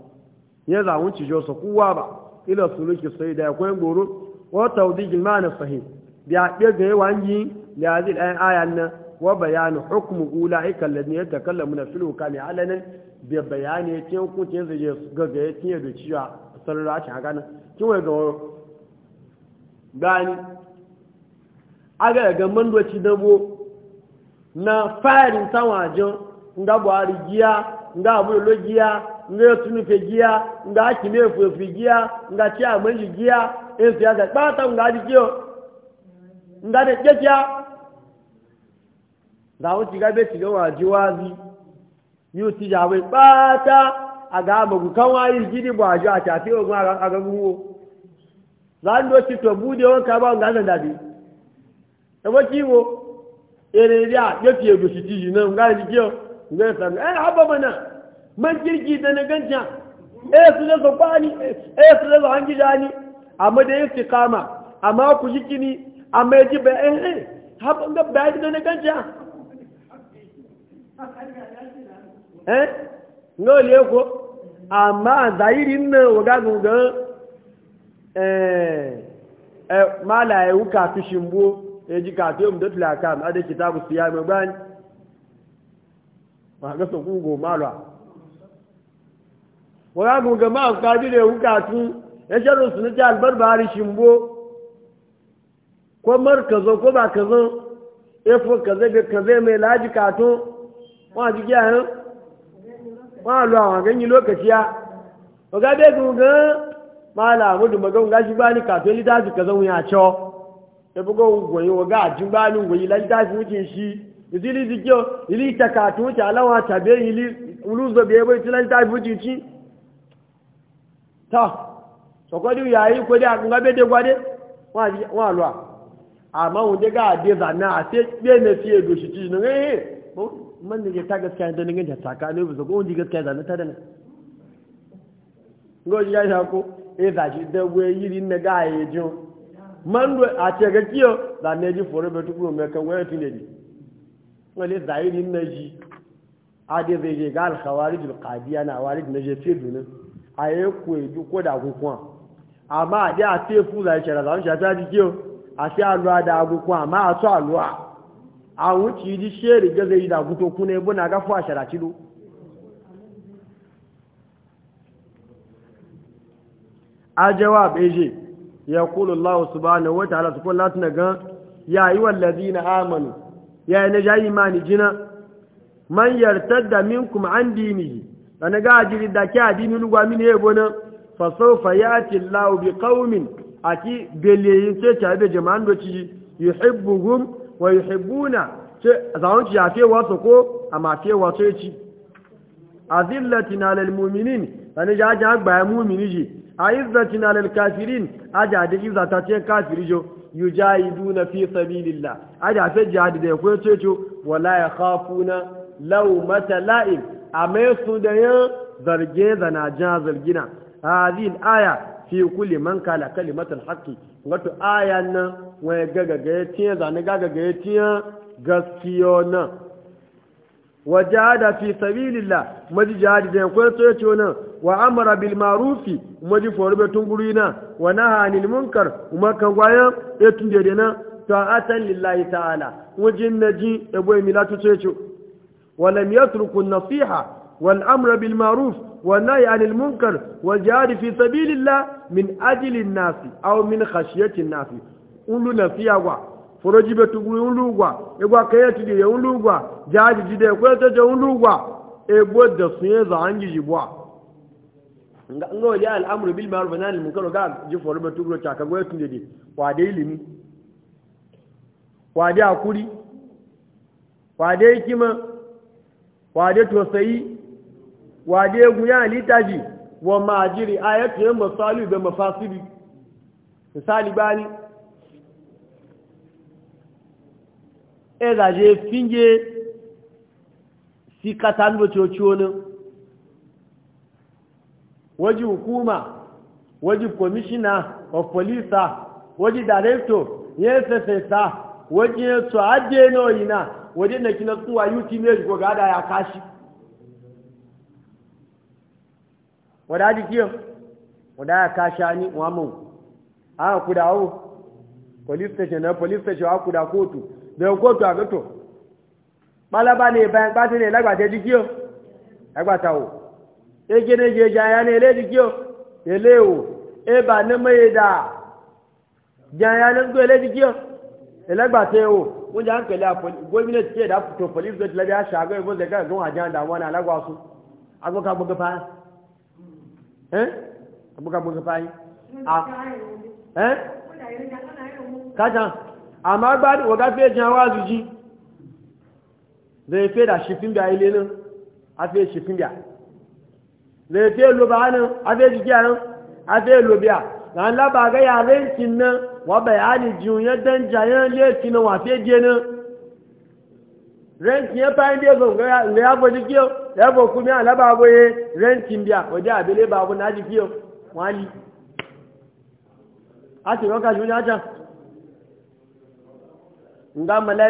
ye za wunci jo so kuwa ba ila suluki sai da akwai goro wa tawdijil ma'ana sahih biya ɗaya ga yawan yi da zai ɗaya, ayan nan wa bayanu hukumu gula aika lalni ya ta kalla muna filo ka ne alanin bai bayani ya ce hukuncin zai je gaga ya tiye da ciwa sarara a haka nan kin wai ga gani aga ga mandoci dabo na fayarin tawajin nga buhari giya nga abulo giya nga yotunufe giya nga akimefu giya nga ciyamanji giya in siyasa ɓata nga adikiyo nga da kyakkya za mu shiga bai shiga waji wazi yóò ti yàwé pátá àgàmọ̀gù káwọn ayé ìjídì bọ̀ àjọ àti àti ogun agagunwo láńdó ti tọ̀ búdé wọn kábọ̀ ń nga dàbí ẹwọ́ kí wo èrè rí àjọsí ègòsì ti yìí náà ń gáàrí jẹ́ ǹgbẹ́ ìsàmì ẹ̀ àbọ̀mọ̀ náà mọ́ kíríkì ìdáná sọ sọ ti àmọ́ ameji be eh, eh hap na eh, waga gunga eh eh mala ya e wuka tushimbo eji ka to mu dotla kam ade kitabu siyam ban ko mar kazo ko ba kazo efo kaze be kaze mai laji kato wa ji ya hin wa lo awon ganyi lokaci ya o ga gan mu mudu magan ga shi bani kato li daji kaza wun ya cho e bugo goyi wa ga jin bani goyi la daji wuce shi izili dikyo ili takatu ta alawa tabe ili uluzo be bai tilan daji wuce shi ta sokwadi yayi ko da kun de gwade wa wa lo amma wanda ga ade zanna a sai be na fiye do shi cikin eh, eh. man ne ta gaskiya da ninga ta tsakanin bu zago wanda gaskiya zanna ta da ne go ya ya ko eh da shi da we yiri na ga ya jo man do a ce ga kiyo da ne ji fore be tukuro me kan waya tinde ni wale zahiri na ji ade zai je ga khawarij al qadiyana warij na je fi dunin aye ko ko da ko amma ade a te fu za shi ra za shi ta ji kiyo a sai alluwa da agugu amma a so alluwa a wuce ji sheri ga yi da guto kuna ya buna gafu a sharaci do a ya kulu Allah subhanahu wa ta'ala su kullu tana gan ya yi na amanu ya yi na naja imani jina man yartadda minkum an dinihi na ga ajiri da kya dini lugwa mini yebo na fasofa ya ce Allah bi qaumin aki beleyin ce ta be jama'an do ci yuhibbuhum wa yuhibbuna ce zawon ci afi wasu ko amma afi wasu ci azillatin alal mu'minin ani ja ja gba mu'mini ji aizzatin alal kafirin aja de iza ta ce kafiri jo yujahiduna fi sabilillah aja ta jihad de ko ce ce wala ya khafuna la'im amma amesu da yan zarge zana ja zargina aya fi kulli man kala kalimatul haqqi wato ayan nan wai gaga ga tiyan zani gaga ga tiyan gaskiyo nan wajada fi sabilillah maji jihadi da yankon so yace nan wa amara bil ma'rufi maji forbe tunguri na wa naha anil munkar kuma kan gwaya ya tunje da nan ta'atan lillahi ta'ala wajin naji ebo milatu so yace wa lam yatruku an-nasiha wal amra bil ma'ruf والنهي عن المنكر والجهاد في سبيل الله من أجل الناس أو من خشية الناس أولونا فيها وا فرجي بتقول أولو وا إغوا كياتي دي أولو وا جهاد جدي كويتا دي أولو وا إبو دسنيه زانجي جبوا ngo ya al'amru bil ma'ruf wa nahy anil munkar ga ji foro ba tugro ta وادي tun وادي wa وادي ilimi wa dai wade egwu ya halitta shi wa majiri ayatu yan masalu da mafasidi misali bani e zaje finge si katan da cociyonin waji hukuma waji commissioner of police waji director ysssa waji su ajiye na waje na kina tsuwa yuti ya kashi wada jikiyo wada ka shani wamu aka police station na police station aka kuda kotu da kotu a gato balaba ne bayan ba ne lagbata jikiyo lagbata wo ege ne je jaya ne ele jikiyo ele wo e ba ne mai da jaya ne go ele jikiyo lagbata wo wọ́n jẹ́ àǹkẹ̀lẹ́ gómìnà tí ẹ̀dá tó police station lẹ́bí àṣà àgọ́ ìbò àjẹ́ àdàwọn eh abuka buga fayi a eh kajan amma ba da waga fiye jan wazuji zai fiye da shifin biya ile nan a fiye shifin biya zai fiye lo ba nan a fiye jikiya nan a fiye lo biya na laba ga yaren kin nan wa bayani jiyun yadda jayen lefi nan wa fiye renti ya fayin da ya zonga ya ya bo kuma ya laba bo ye rentin biya waje na a nga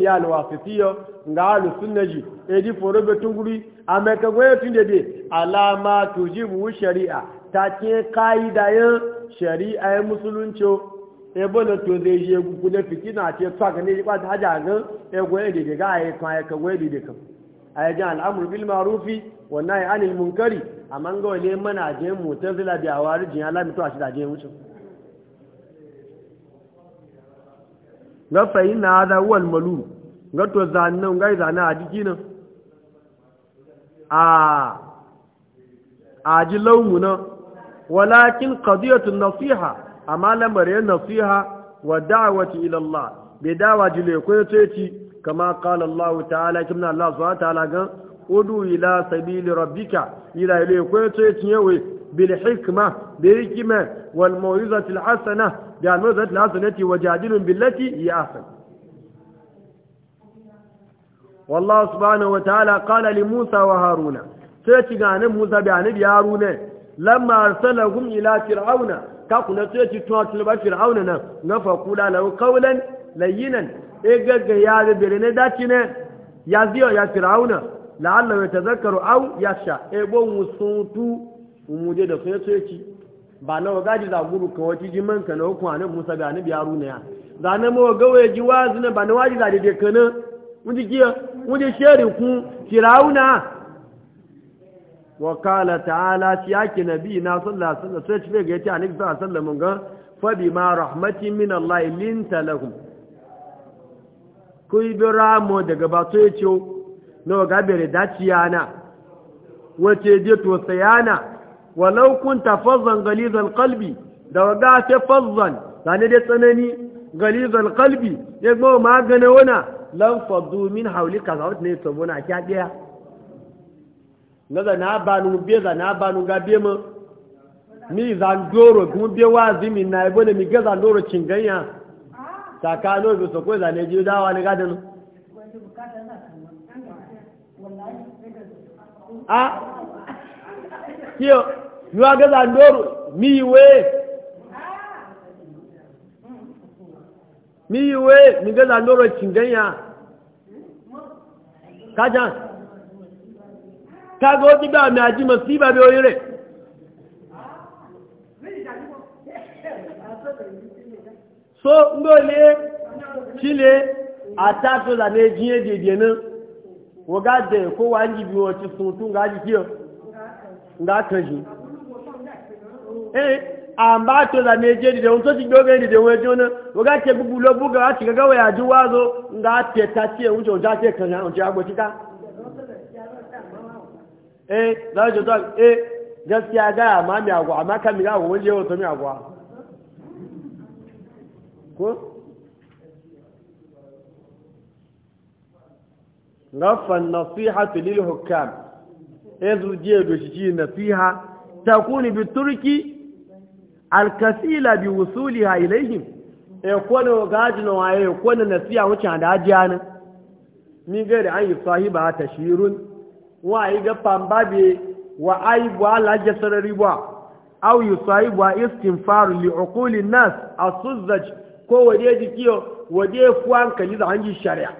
ya alwa fitiyo nga alu sunnaji edi foro guri ameka goye tun dede alama tujibu shari'a ta ke kaida yin shari'a e musulunci ebe na to zai je gugu na fiki na ce tsa ga ne ji kwata haja e ga ya goye da daga ya kan a yaji al'amur bil marufi wannan ya anil munkari a ga wale mana je mu ta awari a shi wuce amma lamarin nasiha wa da'wati ila Allah bai dawa jile ko yace ci kama qala Allah ta'ala kimna Allah subhanahu ta'ala gan udu ila sabili rabbika ila ile ko ya yace ci yawe bil hikma bi hikma wal mawizati al hasana bi al mawizati al hasanati wajadilun billati hi ahsan والله سبحانه وتعالى قال لموسى وهارون تاتي غانم موسى بعنبي هارون لما أرسلهم ila فرعون ka kuna tuya ci tuwa ba fir'auna nan na fakula lahu qawlan layyinan e gaga ya bere ne daci ne ya ziyo ya fir'auna la'alla e ya tazakkaru aw yasha e bon musutu umuje da sai tuya ci ba na waga ji zaguru kan wata jiman ka na hukun annabi Musa ga biya Haruna ya ga na mu ga waye ji wazina ba na waji da dede kana mun ji kiya mun ji ku fir'auna wa ta'ala shi yake nabi na sallallahu alaihi wasallam sai shi ga yace annabi sallallahu alaihi wasallam ga fa bi ma rahmatin min Allah linta lahum kuyi biramo daga bato yace no ga bere daciyana wace je to sayana walau kunta fazzan ghalizal qalbi da waga ta fazzan zane da tsanani ghalizal qalbi ya go magana wana lan faddu min hawlika zawat ne sabona kya daya na zana banu be zana banu ga be mu mi zandoro gun be wazi mi na ibo ne mi ga zandoro cinganya tsakano bi so ko zane ji dawa ne ga dinu a kiyo yuwa ga zandoro mi we mi we mi ga zandoro cinganya kajan kaga wani ba mai aji masu ba bai wani rai so e chile atatu la ne eji jeje nan waga de ko wanji bi wo ti sun nga kanji amba to la ne eji de na waga te ya nga te ta ti e un jo ja te eh za ji zuwa eh gaskiya gaya ma mai agwa amma kan mi gawa wani yawon to mai agwa ko? rafan nasiha filil hukam ezu eh, jiya doshi nasiha ta kuni bi turki alkasila bi wusuli ha ilaihim e eh, kone gaji na waye kone nasiha wuce da ajiya nan ni gari an yi sahiba ta shirin. wa yi ga famba be wa aibu alaje sarari ba au yi sahibu li uquli li'ukulin nas a suzzaj ko wade jikiyo wade fuwan kali da hanji shari'a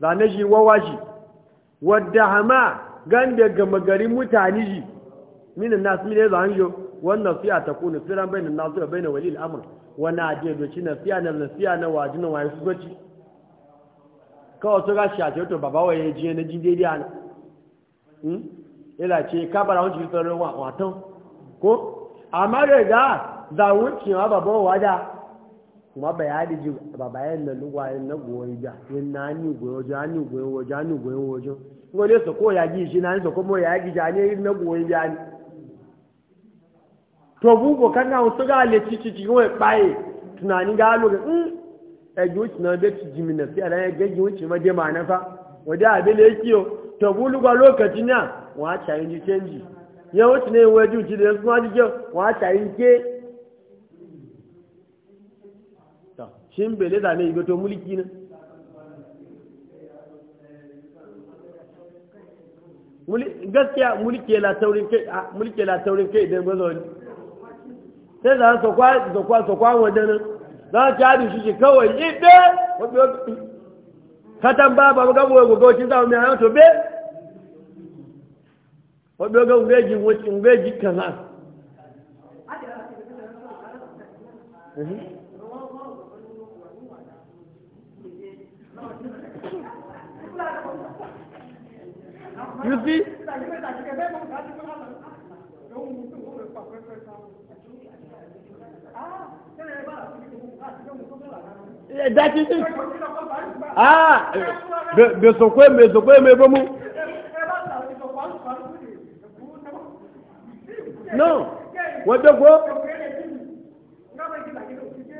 zane shi wawa shi wadda hama ganda gama garin mutane shi minin nasu mine za hanjo wannan fiya ta kunu firan bai nasu da bai na walil amur wani doci na fiya na nasiya na waji na waye su goci kawo su gashi a ceto baba waye ya ji na ji daidai a nan ila ce kabara wancin tsarin watan ko amma daga za wuce wa baba wa da kuma bayani ji baba yan na lugwayen na goyi da na ni goyi wajen ni goyi wajen ni goyi wajen ya gi shi na ni su ko mo ya ji ja ne na goyi da ni to bugo kan na ga le ci ci ci tunani ga ẹgbẹ́ òṣì náà bẹ́ẹ̀ ti jìmì nà sí àdáyé gẹ́gẹ́ òṣì máa dé màá náfà wọ́n dé àbẹ́lẹ̀ èkì o tọ̀bú olúgbà lókàtí náà wọ́n á ṣàyìn ju chẹ́ǹjì yẹn òṣì náà ìwé ẹjú ti lè fún adíjọ́ wọ́n á ṣàyìn ké ṣé ń bèlè dà ní ìgbé tó náà gaskiya mulki la taurin kai idan sai za su za ta yadu shi shi kawai ibe katan ba ba ga wo go ti za mi ayo to be o do go nge ji wo kan mhm. You see dati ti ah be so kwe me so kwe me bomu no what the go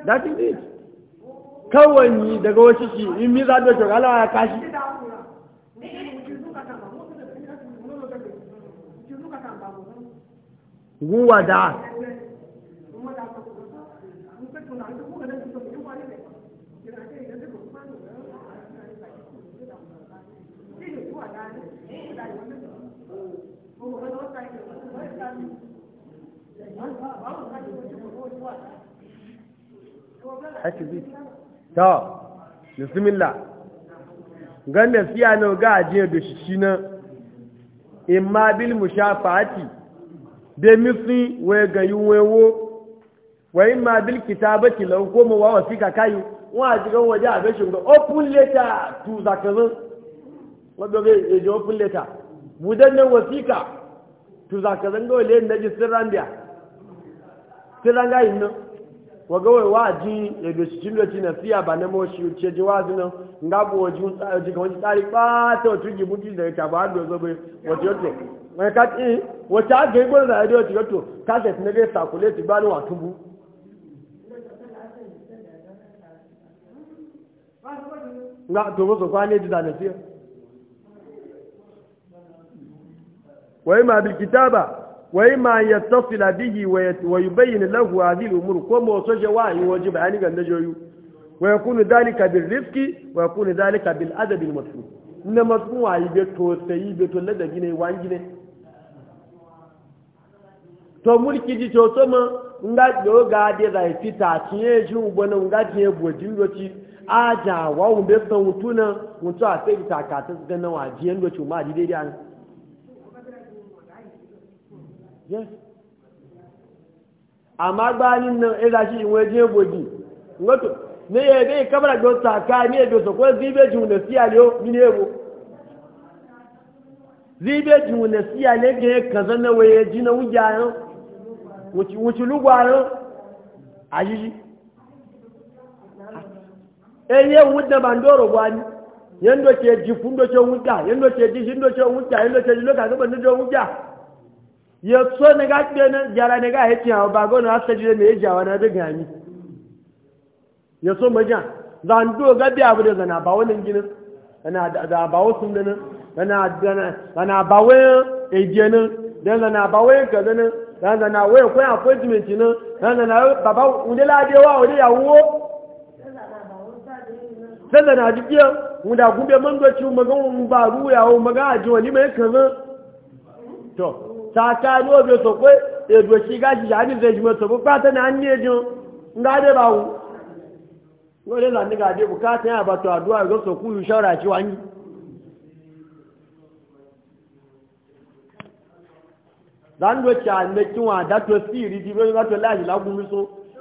that is it kawai daga wasu shi in mi za da shugala a kashi guwa da haka zai ta nisimila ganda siya na ga ajiyar da shi shi na? in ma bil mushafati da misi wai gayi wewo wa in ma bil kitabati lau koma wa kakayi wọn a jigan waje a gashin ga open letter to zakazin wadda zai ejo open letter mu dan nan wasika to zakazin ga wale na ji sirran filanga inna waga wai waji ya doshi cindoci na fiya ba na moshi wazi nan nga bu waji waji ba ta wata gi mutu ta ba zobe waje wato yi gwada da waje wato ka sakuleti ba ni nga to musu kwane ji na wai ma kitaba wai ma ya tasila bihi wa yubayyin lahu hadhihi al-umur ko mo so je wa yi wajibi ani ga najoyu wa yakunu dhalika bil rifqi wa yakunu yi to to ladabi to mulki ji to to nga do ga de da fita tiye ji ubo na nga tiye bojin doci aja wa umbe san mutuna mutu a sai ta ka ta ganan wa doci ma di dai dai amma gbanin nan ira shi inwe je bogi ngoto ne ye be kabara do saka ni do so ko zibe ju ne si alio ni ne wo zibe ju ne siya le ga kaza na we ji na wuja yo wuci wuci lugwa yo ajiji eye wudda bandoro gwani yendo ke ji fundo ke wuta yendo ke ji hindo ke wuta yendo ke ji lokaci ban do ya so na ga ɗe na gyara ne ga haiti hawa ba gona hasa jire mai yajawa na daga ni ya so maja zando ga biya abu da zana ba wani ginin zana ba wasu da nan zana ba wani ejiye nan dan zana ba wani kaza nan dan zana wani kwan appointment nan dan zana baba wunde ladewa wani yawo dan zana jikiyar wunda gube mangoci magawa ba ruwa yawo maga ajiwa ni mai kaza to tata ní obì sọ pé èdò sí gáṣìṣà ní ìrẹjìmọ̀ sọ pé pátẹ́ náà ní èjò ńgáde bá wù wọ́n lè là nígbà dé bùkátà ní àbàtọ̀ àdúrà ìgbésòkú ìṣọ́ra àti wáyé lánàá tí a lè kí wọn àdájọ sí ìrídí ga látọ láàyè lágúnmí só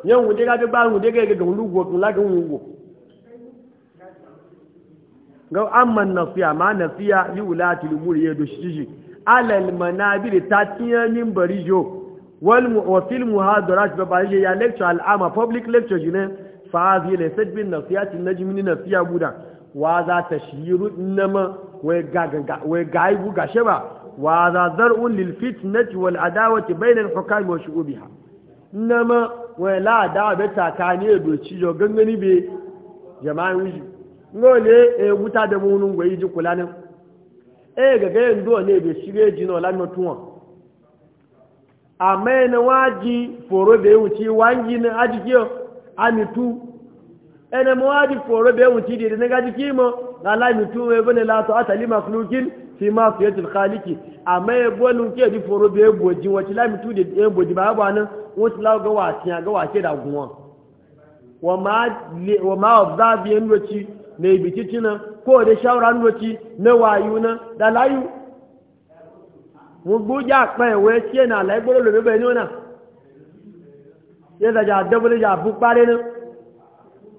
yẹn ga dégá gbégbá wùn dégá gẹgẹ òun lúwọ òun ga òun wò. gbọ́ àmà nàfíà má nàfíà yíwù láti lùmúrì yẹn alal manabir ta tiyan min barijo wa fil muhadarat ba bari ya lecture al'ama public lecture jine fa hadhihi laysat bin nasiyati najmi nasiya guda wa za tashyiru nama wa gaga wa gaibu gashe ba wa za zar'un lil fitnati wal adawati bayna al hukam wa shu'ubiha nama wa la da be takani e do ci yo gangani be jama'an wuji ngole e wuta da munun gwayi ji kulanin e gaga yin duwa ne bai shirye ji na olamin tuwon amma yana waji foro bai wuce wangi na ajiki amitu ene mo waji foro bai wuce da na gaji kima na alamin tuwon ya bane lato asali makhlukin fi ma fiye tilkaliki amma ya bwani ke ji foro bai gwaji wace lamitu da ya eh, gwaji ba ba nan wasu lawa ga wace da guwa wa ma wa zafi yin na ibikiti na ko da shawara ndoci na wayu na da layu gbogbo jẹ́ àpẹ ìwé tí ẹ̀nà àlẹ́gbọ́rọ̀ lòmí bẹ̀rẹ̀ ní ọ̀nà yẹ́ dàjà àdẹ́bọ̀lẹ́ jà bú parí ní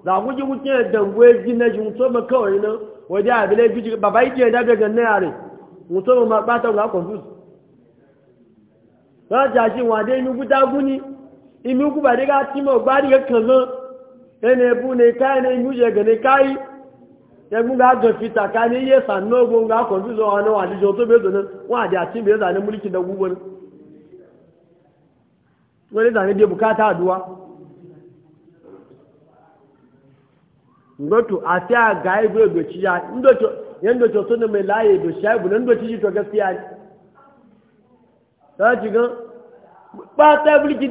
làwújíwú tí ẹ̀ dẹ̀gbọ́ ẹjí náà jù tó mọ́ kọ́ ìrìnà wọ́dẹ́ àbílẹ̀ jíjì bàbá ìjì ẹ̀dá gẹ̀gẹ̀ náà rẹ̀ wọ́n tó mọ́ pátá ọ̀gá confuse wọ́n jà sí wọn adé inú ba ní inú gúbàdé ká tí mọ̀ gbárí kàn lọ bu ẹbú ní na ní inú yẹ̀gẹ̀ ní káyẹ̀ ẹgbùn ga jọ fi tàkà ní iye sàn náà gbogbo ga kọ̀ǹfíṣọ́ wọn náà àdíjọ tó bẹ́ẹ̀ dùnú wọn àdí àti ìbẹ̀rẹ̀ sàn ní múlìkì náà gbogbo ní wọ́n lè sàn ní bukata àdúwá ngoto àti àga ìgbò ìgbòchi ya ndocho yẹn ndocho tó láàyè ya ìbùnú ndochi yìí tọ́gẹ́ sí àyè lọ́wọ́ ti gan pátá múlìkì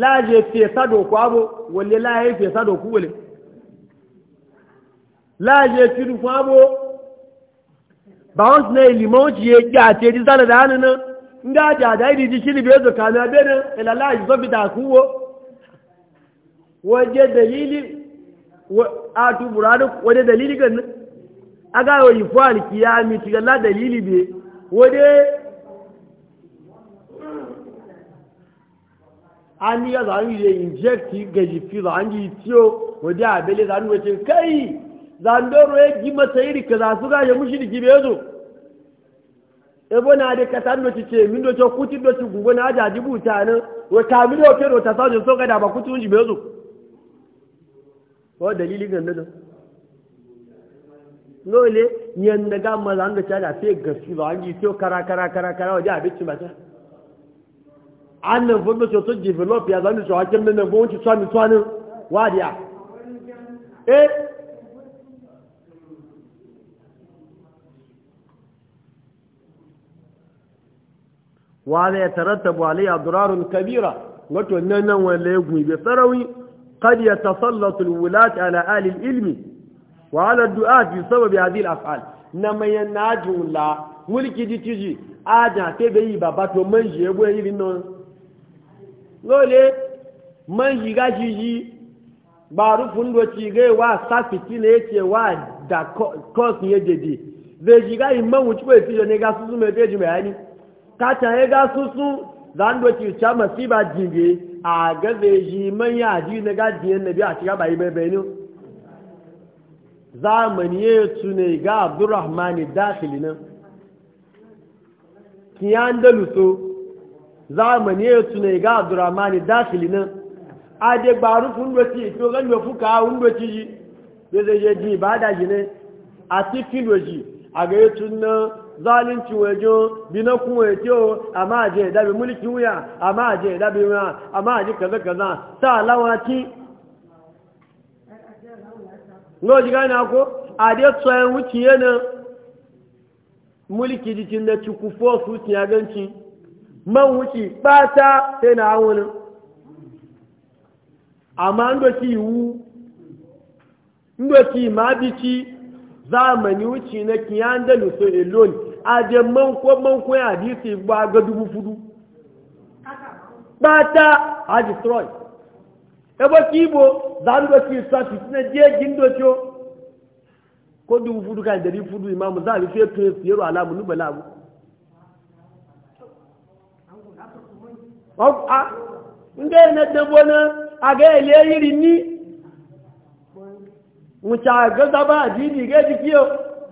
láàyè láàyè kiri fún àbò báwọn sinẹ́ ìlìmọ́ ó ti yẹ kí àti èdè sálẹ̀ dáánù náà ń gáàjì àdá ìdí ti ṣílì bí ó zòkà ní abẹ́ kúwó wọ́n jẹ́ dalili àtúbùrádùn wọ́n jẹ́ dalili gan yi yi yi kai zandoro ya gi matsayi ka za su gaje mushi da gibe zo ebo na da kasan no ce min do cho doci do na gugo na aja a nan wa ta mi do ke ta sa so ga da ba kuti unji bezo ko dalili ganna do lole yan daga mazan da ta da ga gaski ba an yi to kara kara kara kara waje ba mata an nan fondo to to develop ya zanu so hakin nan gonci tsani tsani wadiya eh wala ya tarattabu alayya durarun kabira wato nan nan wala ya gumi bi sarawi qad yatasallatu alwulat ala ahli ilmi wa ala du'at bi sababi hadhihi alaf'al nama na mayan najula mulki ditiji aja te be yi baba to manje ebo yi no lole manji ga jiji baru fundo ti ge wa ti ne ti wa da cause ni jeje zai ji ga ti pe ti yo ne ga su zume beji me ani kata ya e ga susu zan doki ta masiba jibe a ga gaze shi man ya ji na ga gajiyar nabi a shiga bayi bai bai ne zamani ya e su ne ga abdurrahman dakili nan ki andaluso zamani ya e su ne ga abdurrahman dakili na. a de gbaru fun doki to ga lo fuka un doki ji zai je ji ba da ji ne a ti kilo ji a ga ya tun nan zalunci wajo binakun wajo amma a je dabi mulki wuya amma a je dabi wuya amma a ji kaza kaza ta lawaki no ji gane ko a dai tsoyen wuce yana mulki jikin da cikufo su tiya ganci man wuce bata sai na hawunin amma an doki yiwu ndoki ma bici zamani wuci na kiyan da luso eloni aje manko manko ya hadisi ba ga dubu a destroy ebo dubu fudu kan dari fudu imamu a rufe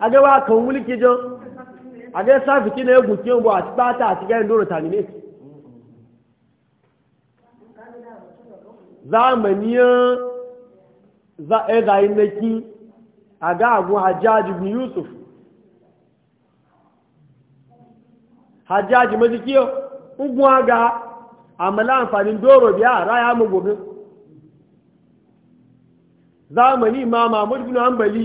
kan wulki a ga trafiki na-egwu ke mgbe achịkpa ata achịga ndị ụrụ tamineti zamaniyan ezayi neki a ga agwụ hajjaji bin yusuf hajjaji majiki ugwu aga amala amfanin doro biya raya magogin zamani ma mahmud bin hanbali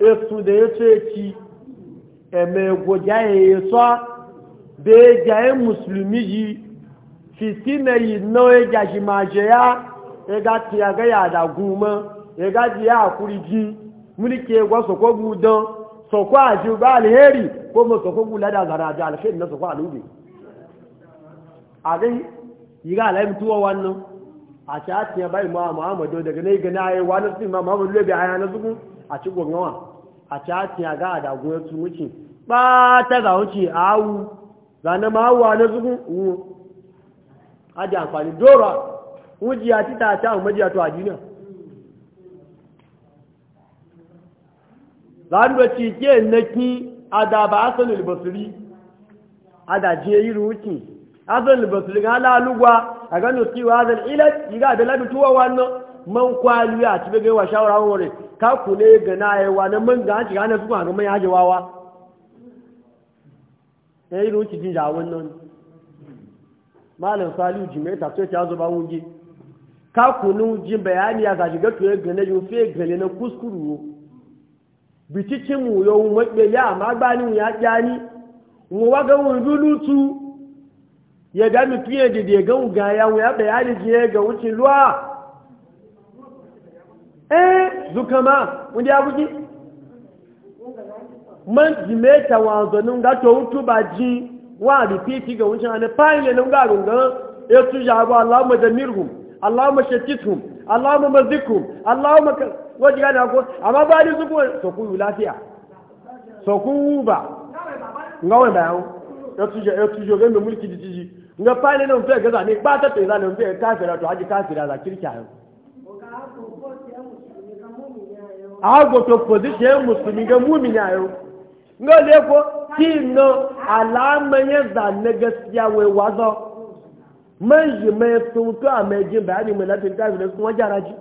esu da ya ce ci eme goja ya sa da ya jaye musulmi yi fitina yi na ya gashi maje ya ya gati ya ga yada guma ya gaji ya akuri ji mulke gwa soko gudan soko a ji ba alheri ko mu soko gula da zara da alheri na soko alubi a gai yi ga alayi mutuwa wannan a ci a tiya bai ma muhammadu daga na yi gana ya yi wani su ma muhammadu lobe a yana zugun a ci gwangwa a cacin a ga a dagoyar su wuce ba ta ga wuce a awu zane ma awu na zugun uwo aji amfani dora wujiya ti ta ta umajiya to a duniya zane ba ci ke naki adaba asalin basiri adajiye yi rukin asalin basiri ga lalugwa a gano kiwa azal ilat yi ga da labi tuwa wannan man kwaliya ci bege wa shawara wore kakule ga na'ayewa na man ga ci gane suka ga man yaje wawa ya yi ci jin jawon nan malin saliu jime ta ce ta zo ba wuji ka kunu jin bayani a zaji shiga to gane yo fe gane na kuskuru bitici mu yo mu mabe ya ma gbani ya gani mu waga wun dulutu ya ga fiye da daga ga ya ya bayani je ga wucin luwa zukama wanda ya buki man jimeta wanzo nunga to ba ji wa ripiti ga wucin ana fayile nunga runga yasu ya abu allahumma damirhum allahumma shattithum allahumma mazikum allahumma wajiga gane ko amma ba ni zuku so ku lafiya so ku ba ngawe ba yawo yasu ya yasu yo ganda mulki jiji nga fayile nan fe gaza ne ba ta tsaye zanen fe kafira to haji kafira za kirkiya yau agoto position musulmi ga mumini ayo nga leko ki no alamanye za na gaskiya wai wazo man yi mai tuntu a mai jin bayani mai latin tafi da kuma jara ji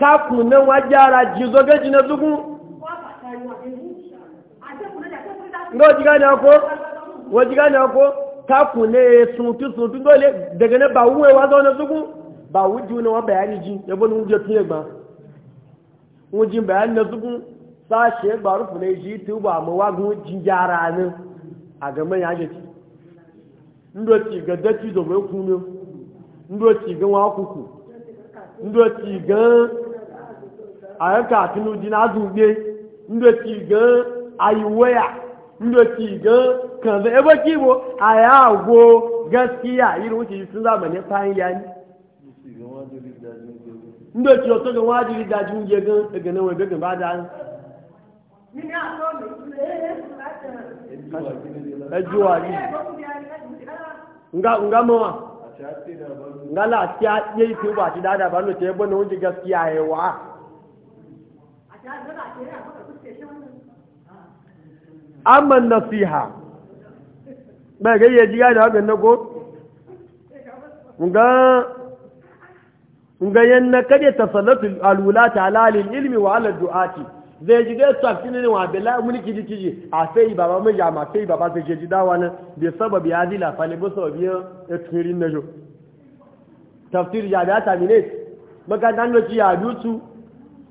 kafin nan wa jara ji zo gaji na zugu nga waji gane ako waji gane ako kafin ne suntu suntu dole daga na ba wuwe wazo na zugu ba wuji wani wa bayani ji yabo ni wuje tuye ba wujin bayan na zugun sashe barufu ne ji tuba ma wajen jinjara ne a gaman ya ce ci ndo ci ga dati zo mai kunu ndo ci ga wa kuku ndo ci ga a yanka tunu jina zube ndo ci ga ayiwaya ndo ci ga kan zai ebe kibo a yago gaskiya irin wuce sun zamanin fahimiyani ndị otu ọtọ gị nwa adịghị daji nwunye gị ege na nwebe gị e ba ada ejuwa ji nga nga mawa nga la ti a ye isi ba ti dada ba no te bo no gaskiya e wa amma nasiha ba ga ga da na nga ga ta kade tasallatu ta ala ilmi wa ala du'ati zai ji gaisu a cikin wa bela mulki ji ciji a sai baba mun ya ma sai baba sai ji dawa nan bi sababi ya fa ne bi sababi ya tsirin na jo tafsir ya da ta mine maka dan lo ci ya dutu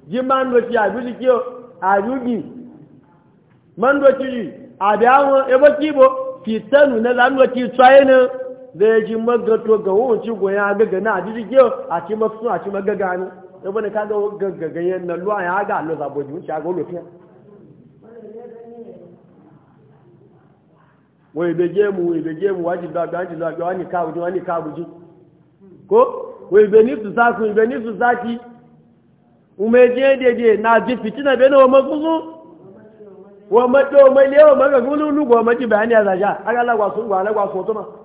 ji man lo ci ya dutu ki a yugi, man do ci a da awon e bo ki bo fitanu na zan do ci tsaye na zai ji magato ga ci goya gaga na a yau a ci mafi a ci magaga ne da bane kaga gaggaga yin na luwa ya ga allo zabo ji wuce a ga lofiya wai je mu wai je mu waji da da da wani kabuji wani kabuji ko wai be ni su wai be ni su zaki ume de de na ji fitina be no maguzu wa mato mai lewa maga gulu lugo maji bayani a zaja aga lagwa sun gwa alagwa so otoma ma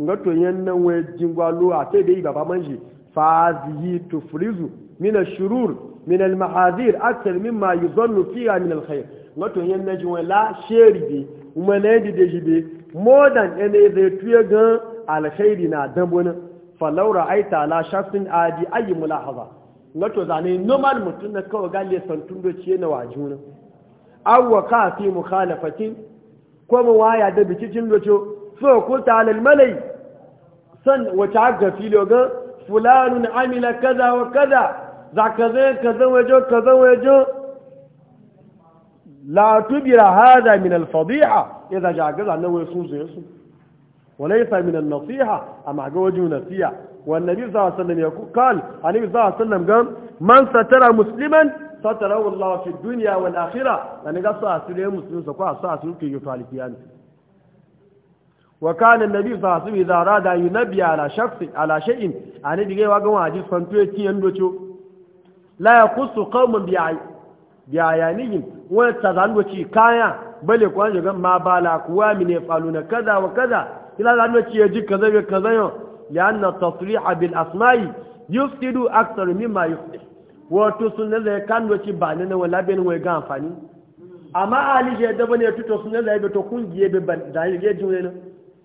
ngato yen nan wai jingwalo a sai dai baba manji fazihi tufrizu min ashurur min mahadir akthar mimma yuzannu fiha min to ngato yan nan jin la sheri bi uma na di da jibe more than any zai tuye gan alkhairi na dambona falaura ra'aita la shafin adi ay mulahaza ngato zane normal mutun na kawai galle santun ci na wajuna awwa ka fi mukhalafatin ko mu waya da cikin doco so ko ta malai san wace haka filo ga fulanun amila kaza wa kaza za ka zai ka zan wajo ka zan wajo la tubira hada min alfadiha idza jagaza nan wai sun zai su walaysa min an-nasiha amma ga wajo nasiha والنبي صلى الله عليه وسلم يقول قال النبي صلى الله عليه وسلم قال من ستر مسلما ستره الله في الدنيا والآخرة يعني قال صلى الله عليه وسلم سكوا صلى الله عليه وسلم كي wa kana nabi sa su bi zara da yi nabi ala shaksin ala sha'in a ne diga yawa gan waji fanto ya tiyan doco la ya kusu kawun biyayaniyin wani tazan doci kaya bale kuwa ji gan ma bala kuwa mi ne falu na kaza wa kaza kila zan doci ya ji kaza bai kaza yau ya na tasriha bil asma'i yufsidu akthar mimma yufsid wato sunan da kan doci ba ne na wala bin wai ga amfani amma ali je da bane tuto sunan da ya to kungiye be ban da ya ji ne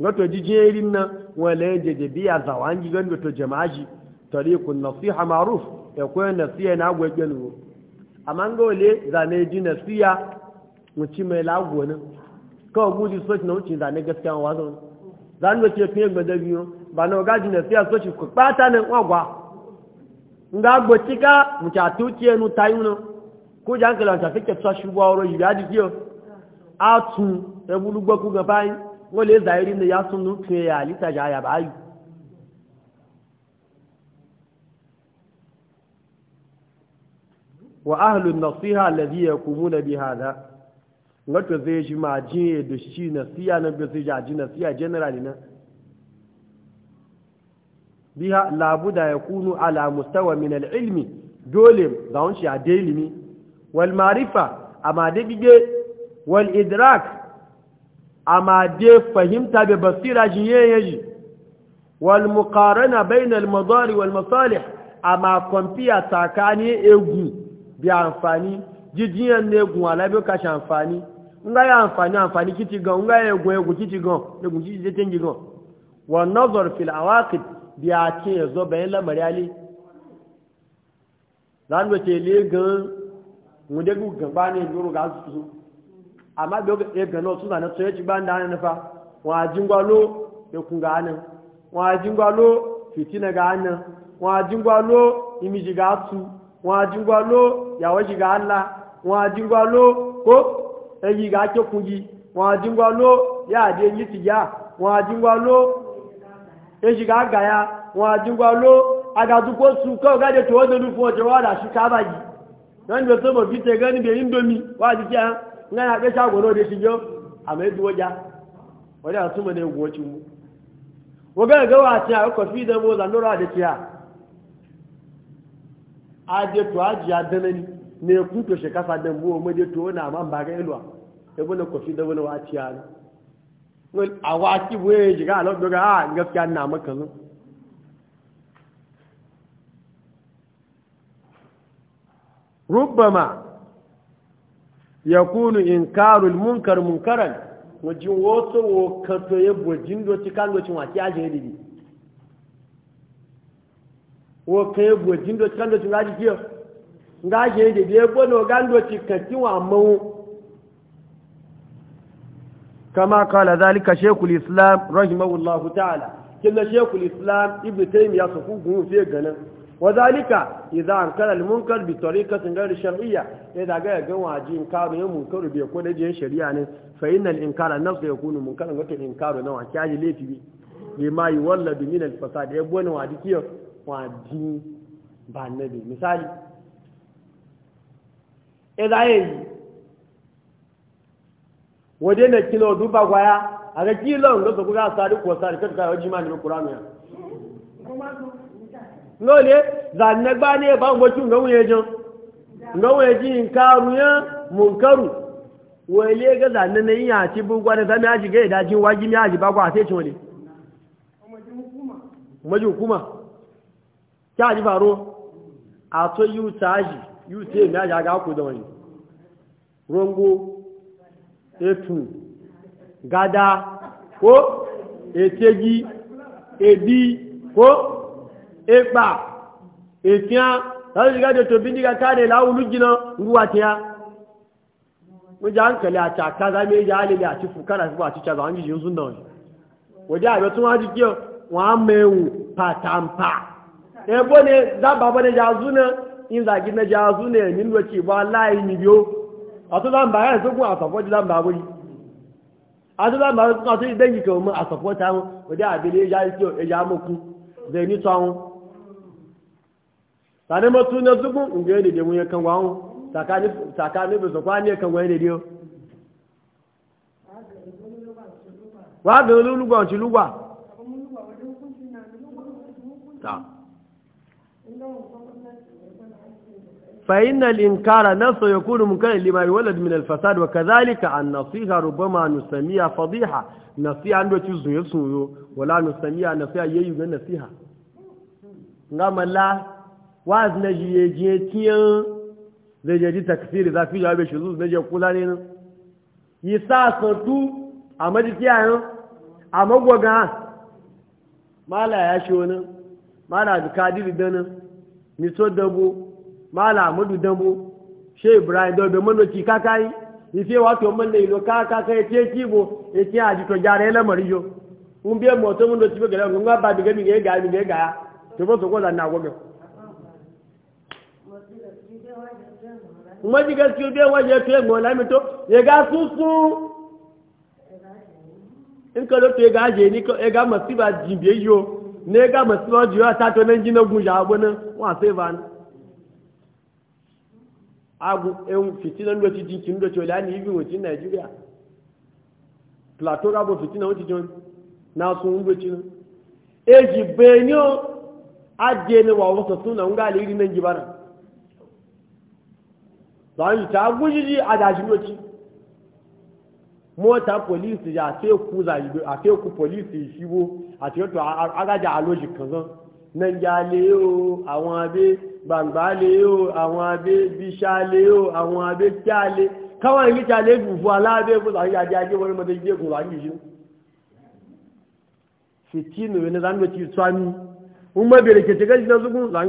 ngato jijerin na wala jeje biya zawangi gando to jama'aji tariqun nasiha ma'ruf e ko nasiha na gwegen wo amma ngole zane ji nasiha mutum mai lagwani ka guji soci na wucin zane gaskiya wa zaune zane wace fiye biyu ba na gaji nasiha soci ku kpata nan nga enu ko ji hankali wanta fike tuwa shugwa wale zahiri ne ya sun nufi ya halitta ja ya bayu wa ahlun nasiha alladhi yakumuna bi hadha ngato zai ji ma jin da shi nasiha na bi zai ji nasiha generally na biha labuda yakunu ala mustawa min al-ilmi dole zawon shi a da ilimi wal marifa amma da bige wal idrak amma dai fahimta da basira shi yaji wal muqarana bayna al madari wal masalih amma kwamfiya takani egu bi amfani jijiyan ne gun alabe ka amfani nga ya amfani amfani kiti gan nga ya egu egu kiti gan egu kiti je tengi gan wa nazar fil awaqib bi a ce zo bayan lamari ali zan wace le gan mu de gaba ne duru ga su amma bai ga gano suna na soya ci ban da hannun fa wajin gwalo ya kun ga hannun wajin gwalo fitina ga hannun wajin gwalo imiji ga su wajin gwalo yawa shi ga allah wajin gwalo ko eyi ga ake kungi wajin gwalo ya de yi ti ya wajin gwalo eji ga ga ya wajin gwalo agaduko su kawai gade to wadda nufin wajen wada shi ka bayi don da saboda fita gani bai indomi wajin kyan nga na akpesa agwọ n'ode ti yo ama eduwo ja wọ́n yà túnmọ̀ ní egun ojú a gẹ́gẹ́ gẹ́wọ́ àti àkọ́kọ́ fi ìdánwò lànàrà àdètì à àdètò àjì àdánẹ́ni ní ekun tó ṣèkáfà dẹ̀mbó ọmọdé tó ó nà àmà mbà rẹ̀ lọ ẹgbẹ́ náà kọfí ìdánwò náà wà á ti yakunu inkarul munkar munkaran wajin wato wo kato ye bojin do ti kan do ti wa ti aje didi wo ke bojin do ti kan do ti ngaji kiyo ngaje didi e bono gando ti kan ti wa mawo kama kala zalika shekul islam rahimahullahu ta'ala killa shekul islam ibnu taymiya su ku gun fiye ganin وذلك إذا أنكر المنكر بطريقة غير شرعية إذا قال قوى عجين كارو يمنكر بيكون جيه شريعا فإن الإنكار النفس يكون منكر وقت الإنكار نوع كاجي ليتي بي لما يولد من الفساد يبون وعدي وادي بالنبي مثال إذا أي ودينا كيلو دوبا غوايا أغا كيلو نغسو كوكا ساري كوساري كتكا وجيما من قرآن يا lóòlé zànẹ́gbá ní ẹ̀bá ń gbójú ǹgọ́wọ́n ẹjọ́ ǹgọ́wọ́n ẹjí nǹkarùn yán mọ̀ ǹkarù wọ ilé ẹgẹ́ zànẹ́nẹ́ yíyàn àti búgbà ní sami àjìgẹ́ ìdájí wájí ní àjìbágbà àti ètò ọmọdé hukuma kí àjí fàró àtọ́ yíò tààjì yíò tí èmi àjì àgá kò rongo etu gada kó ètèjì ebi kó egba etia tare diga da tobin diga kare lawulu gina ruwa tiya wajen hankali a caka za mai ji halili a cikin kada su ba ci caza an jijin sun da wani waje a batun waji kiyo wa mewu patampa ebo ne za baba ne jazu ne in zagi na jazu ne min wace ba layi ni biyo a to zan bayar su sani matu na zubu nga ne da mun ya kan gwawo tsakani tsakani bi su kwani kan gwaye ne wa ga lulugwa wanci lugwa ta فإن الإنكار نفسه يكون منكرا لما يولد من الفساد وكذلك النصيحة ربما نسميها فضيحة نصيحة عنده تزوي ولا نسميها نصيحة يجب النصيحة نعم الله waz na jiye jiye tiyan zai je ji takfiri zafi ya bai shuzu na je kula ne nan yi sa santu a majikiya yan a magwaga mala ya shi wani mala abdulkadir danin miso dambo mala amadu dambo shey ibrahim dobe manoki kakayi ife wato manna ilo kaka ka ete kibo ete aji to jara ele mariyo un bi mo mun do tibe gele ngwa ba bi gemi ge ga mi ga to bo to ko la na wo mgbe gaskiya bai waje to yamma wala mito ya ga susu in ka lotu ya ga je ni ya ga masiba jibe yo ne ga masiba jiwa ta to nan jina guja abuna wa sai ban agu en fitinan do ci dinkin do to lani ibi wo tin plateau rabo fitina wo ti na sun do na eji benyo adene na ngali ri nan zan ta gujiji a dajiloci mota polisi ya sai ku zajibe a sai ku polisi shibo a sai to agaja a logic kan zan nan ja le o àwọn abe gbangba le o àwọn abe bisha le o àwọn abe kya le kawai ni ta le fufu alabe ko zan ya jaje wani mata je ku zan shi fitinu ne zan ci tsani umma bere ke tiga jina zugun zan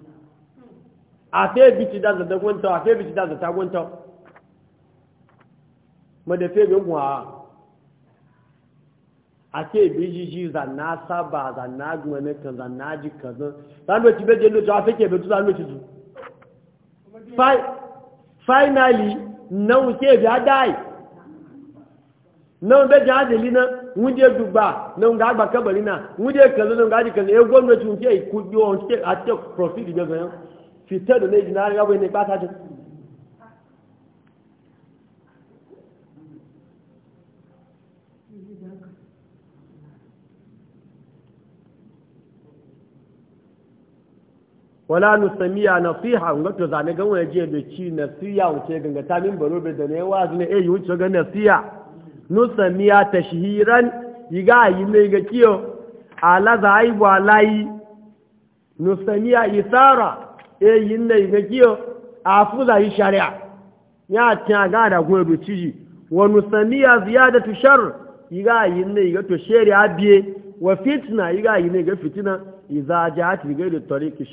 afe biti da zata gwanta afe biti da zata gwanta madafe bin kuwa ake za na saba za na gwanin kan na ji kazan zanwaci beje lokacin afe ke betu zanwaci zu finally na wuce bi adai nan beje adali na wunde dugba na ga agba kabari na wunde kazan nan ga ji kazan ya e gwamnati wunke ikudi on state profit da ganyan fitẹ́lù da náà yọ́wọ́ ní pátájú wala nasiha ngato zane gan wani jiya da ci siya wuce ta min baro da ne wa zane eh wuce ga nasiya nusamiya tashhiran yiga yi ne ga kiyo ala zaibu alai nusamiya isara èyí ń lè kí o àfúzà yìí ṣàríà ní àti àgáàdàgún èrò tíyì wọnù sàníyà ziyada tu ṣar ìgá yìí ń tó ṣẹ́rẹ̀ ábíye wọ fitna ìgá yìí ní ìgbẹ́ fitina ìzà ajá àti ìgbẹ́ ìlú tọ́rí kì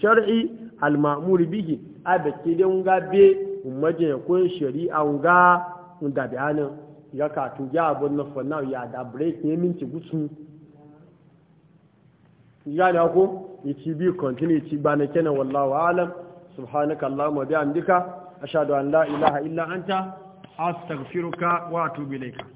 almamuri bihi abẹ́kí dé ń ga bí umajin kó ń ṣẹ̀rí àwọn ń dàbí àná ìgá kàtó já àbọ̀ náà fọ̀ náà yà ní yaci biyu continue ci ba na kenan wallahu alam subhanaka allahumma bihamdika ashhadu an la ilaha illa anta astaghfiruka wa atubu ilayka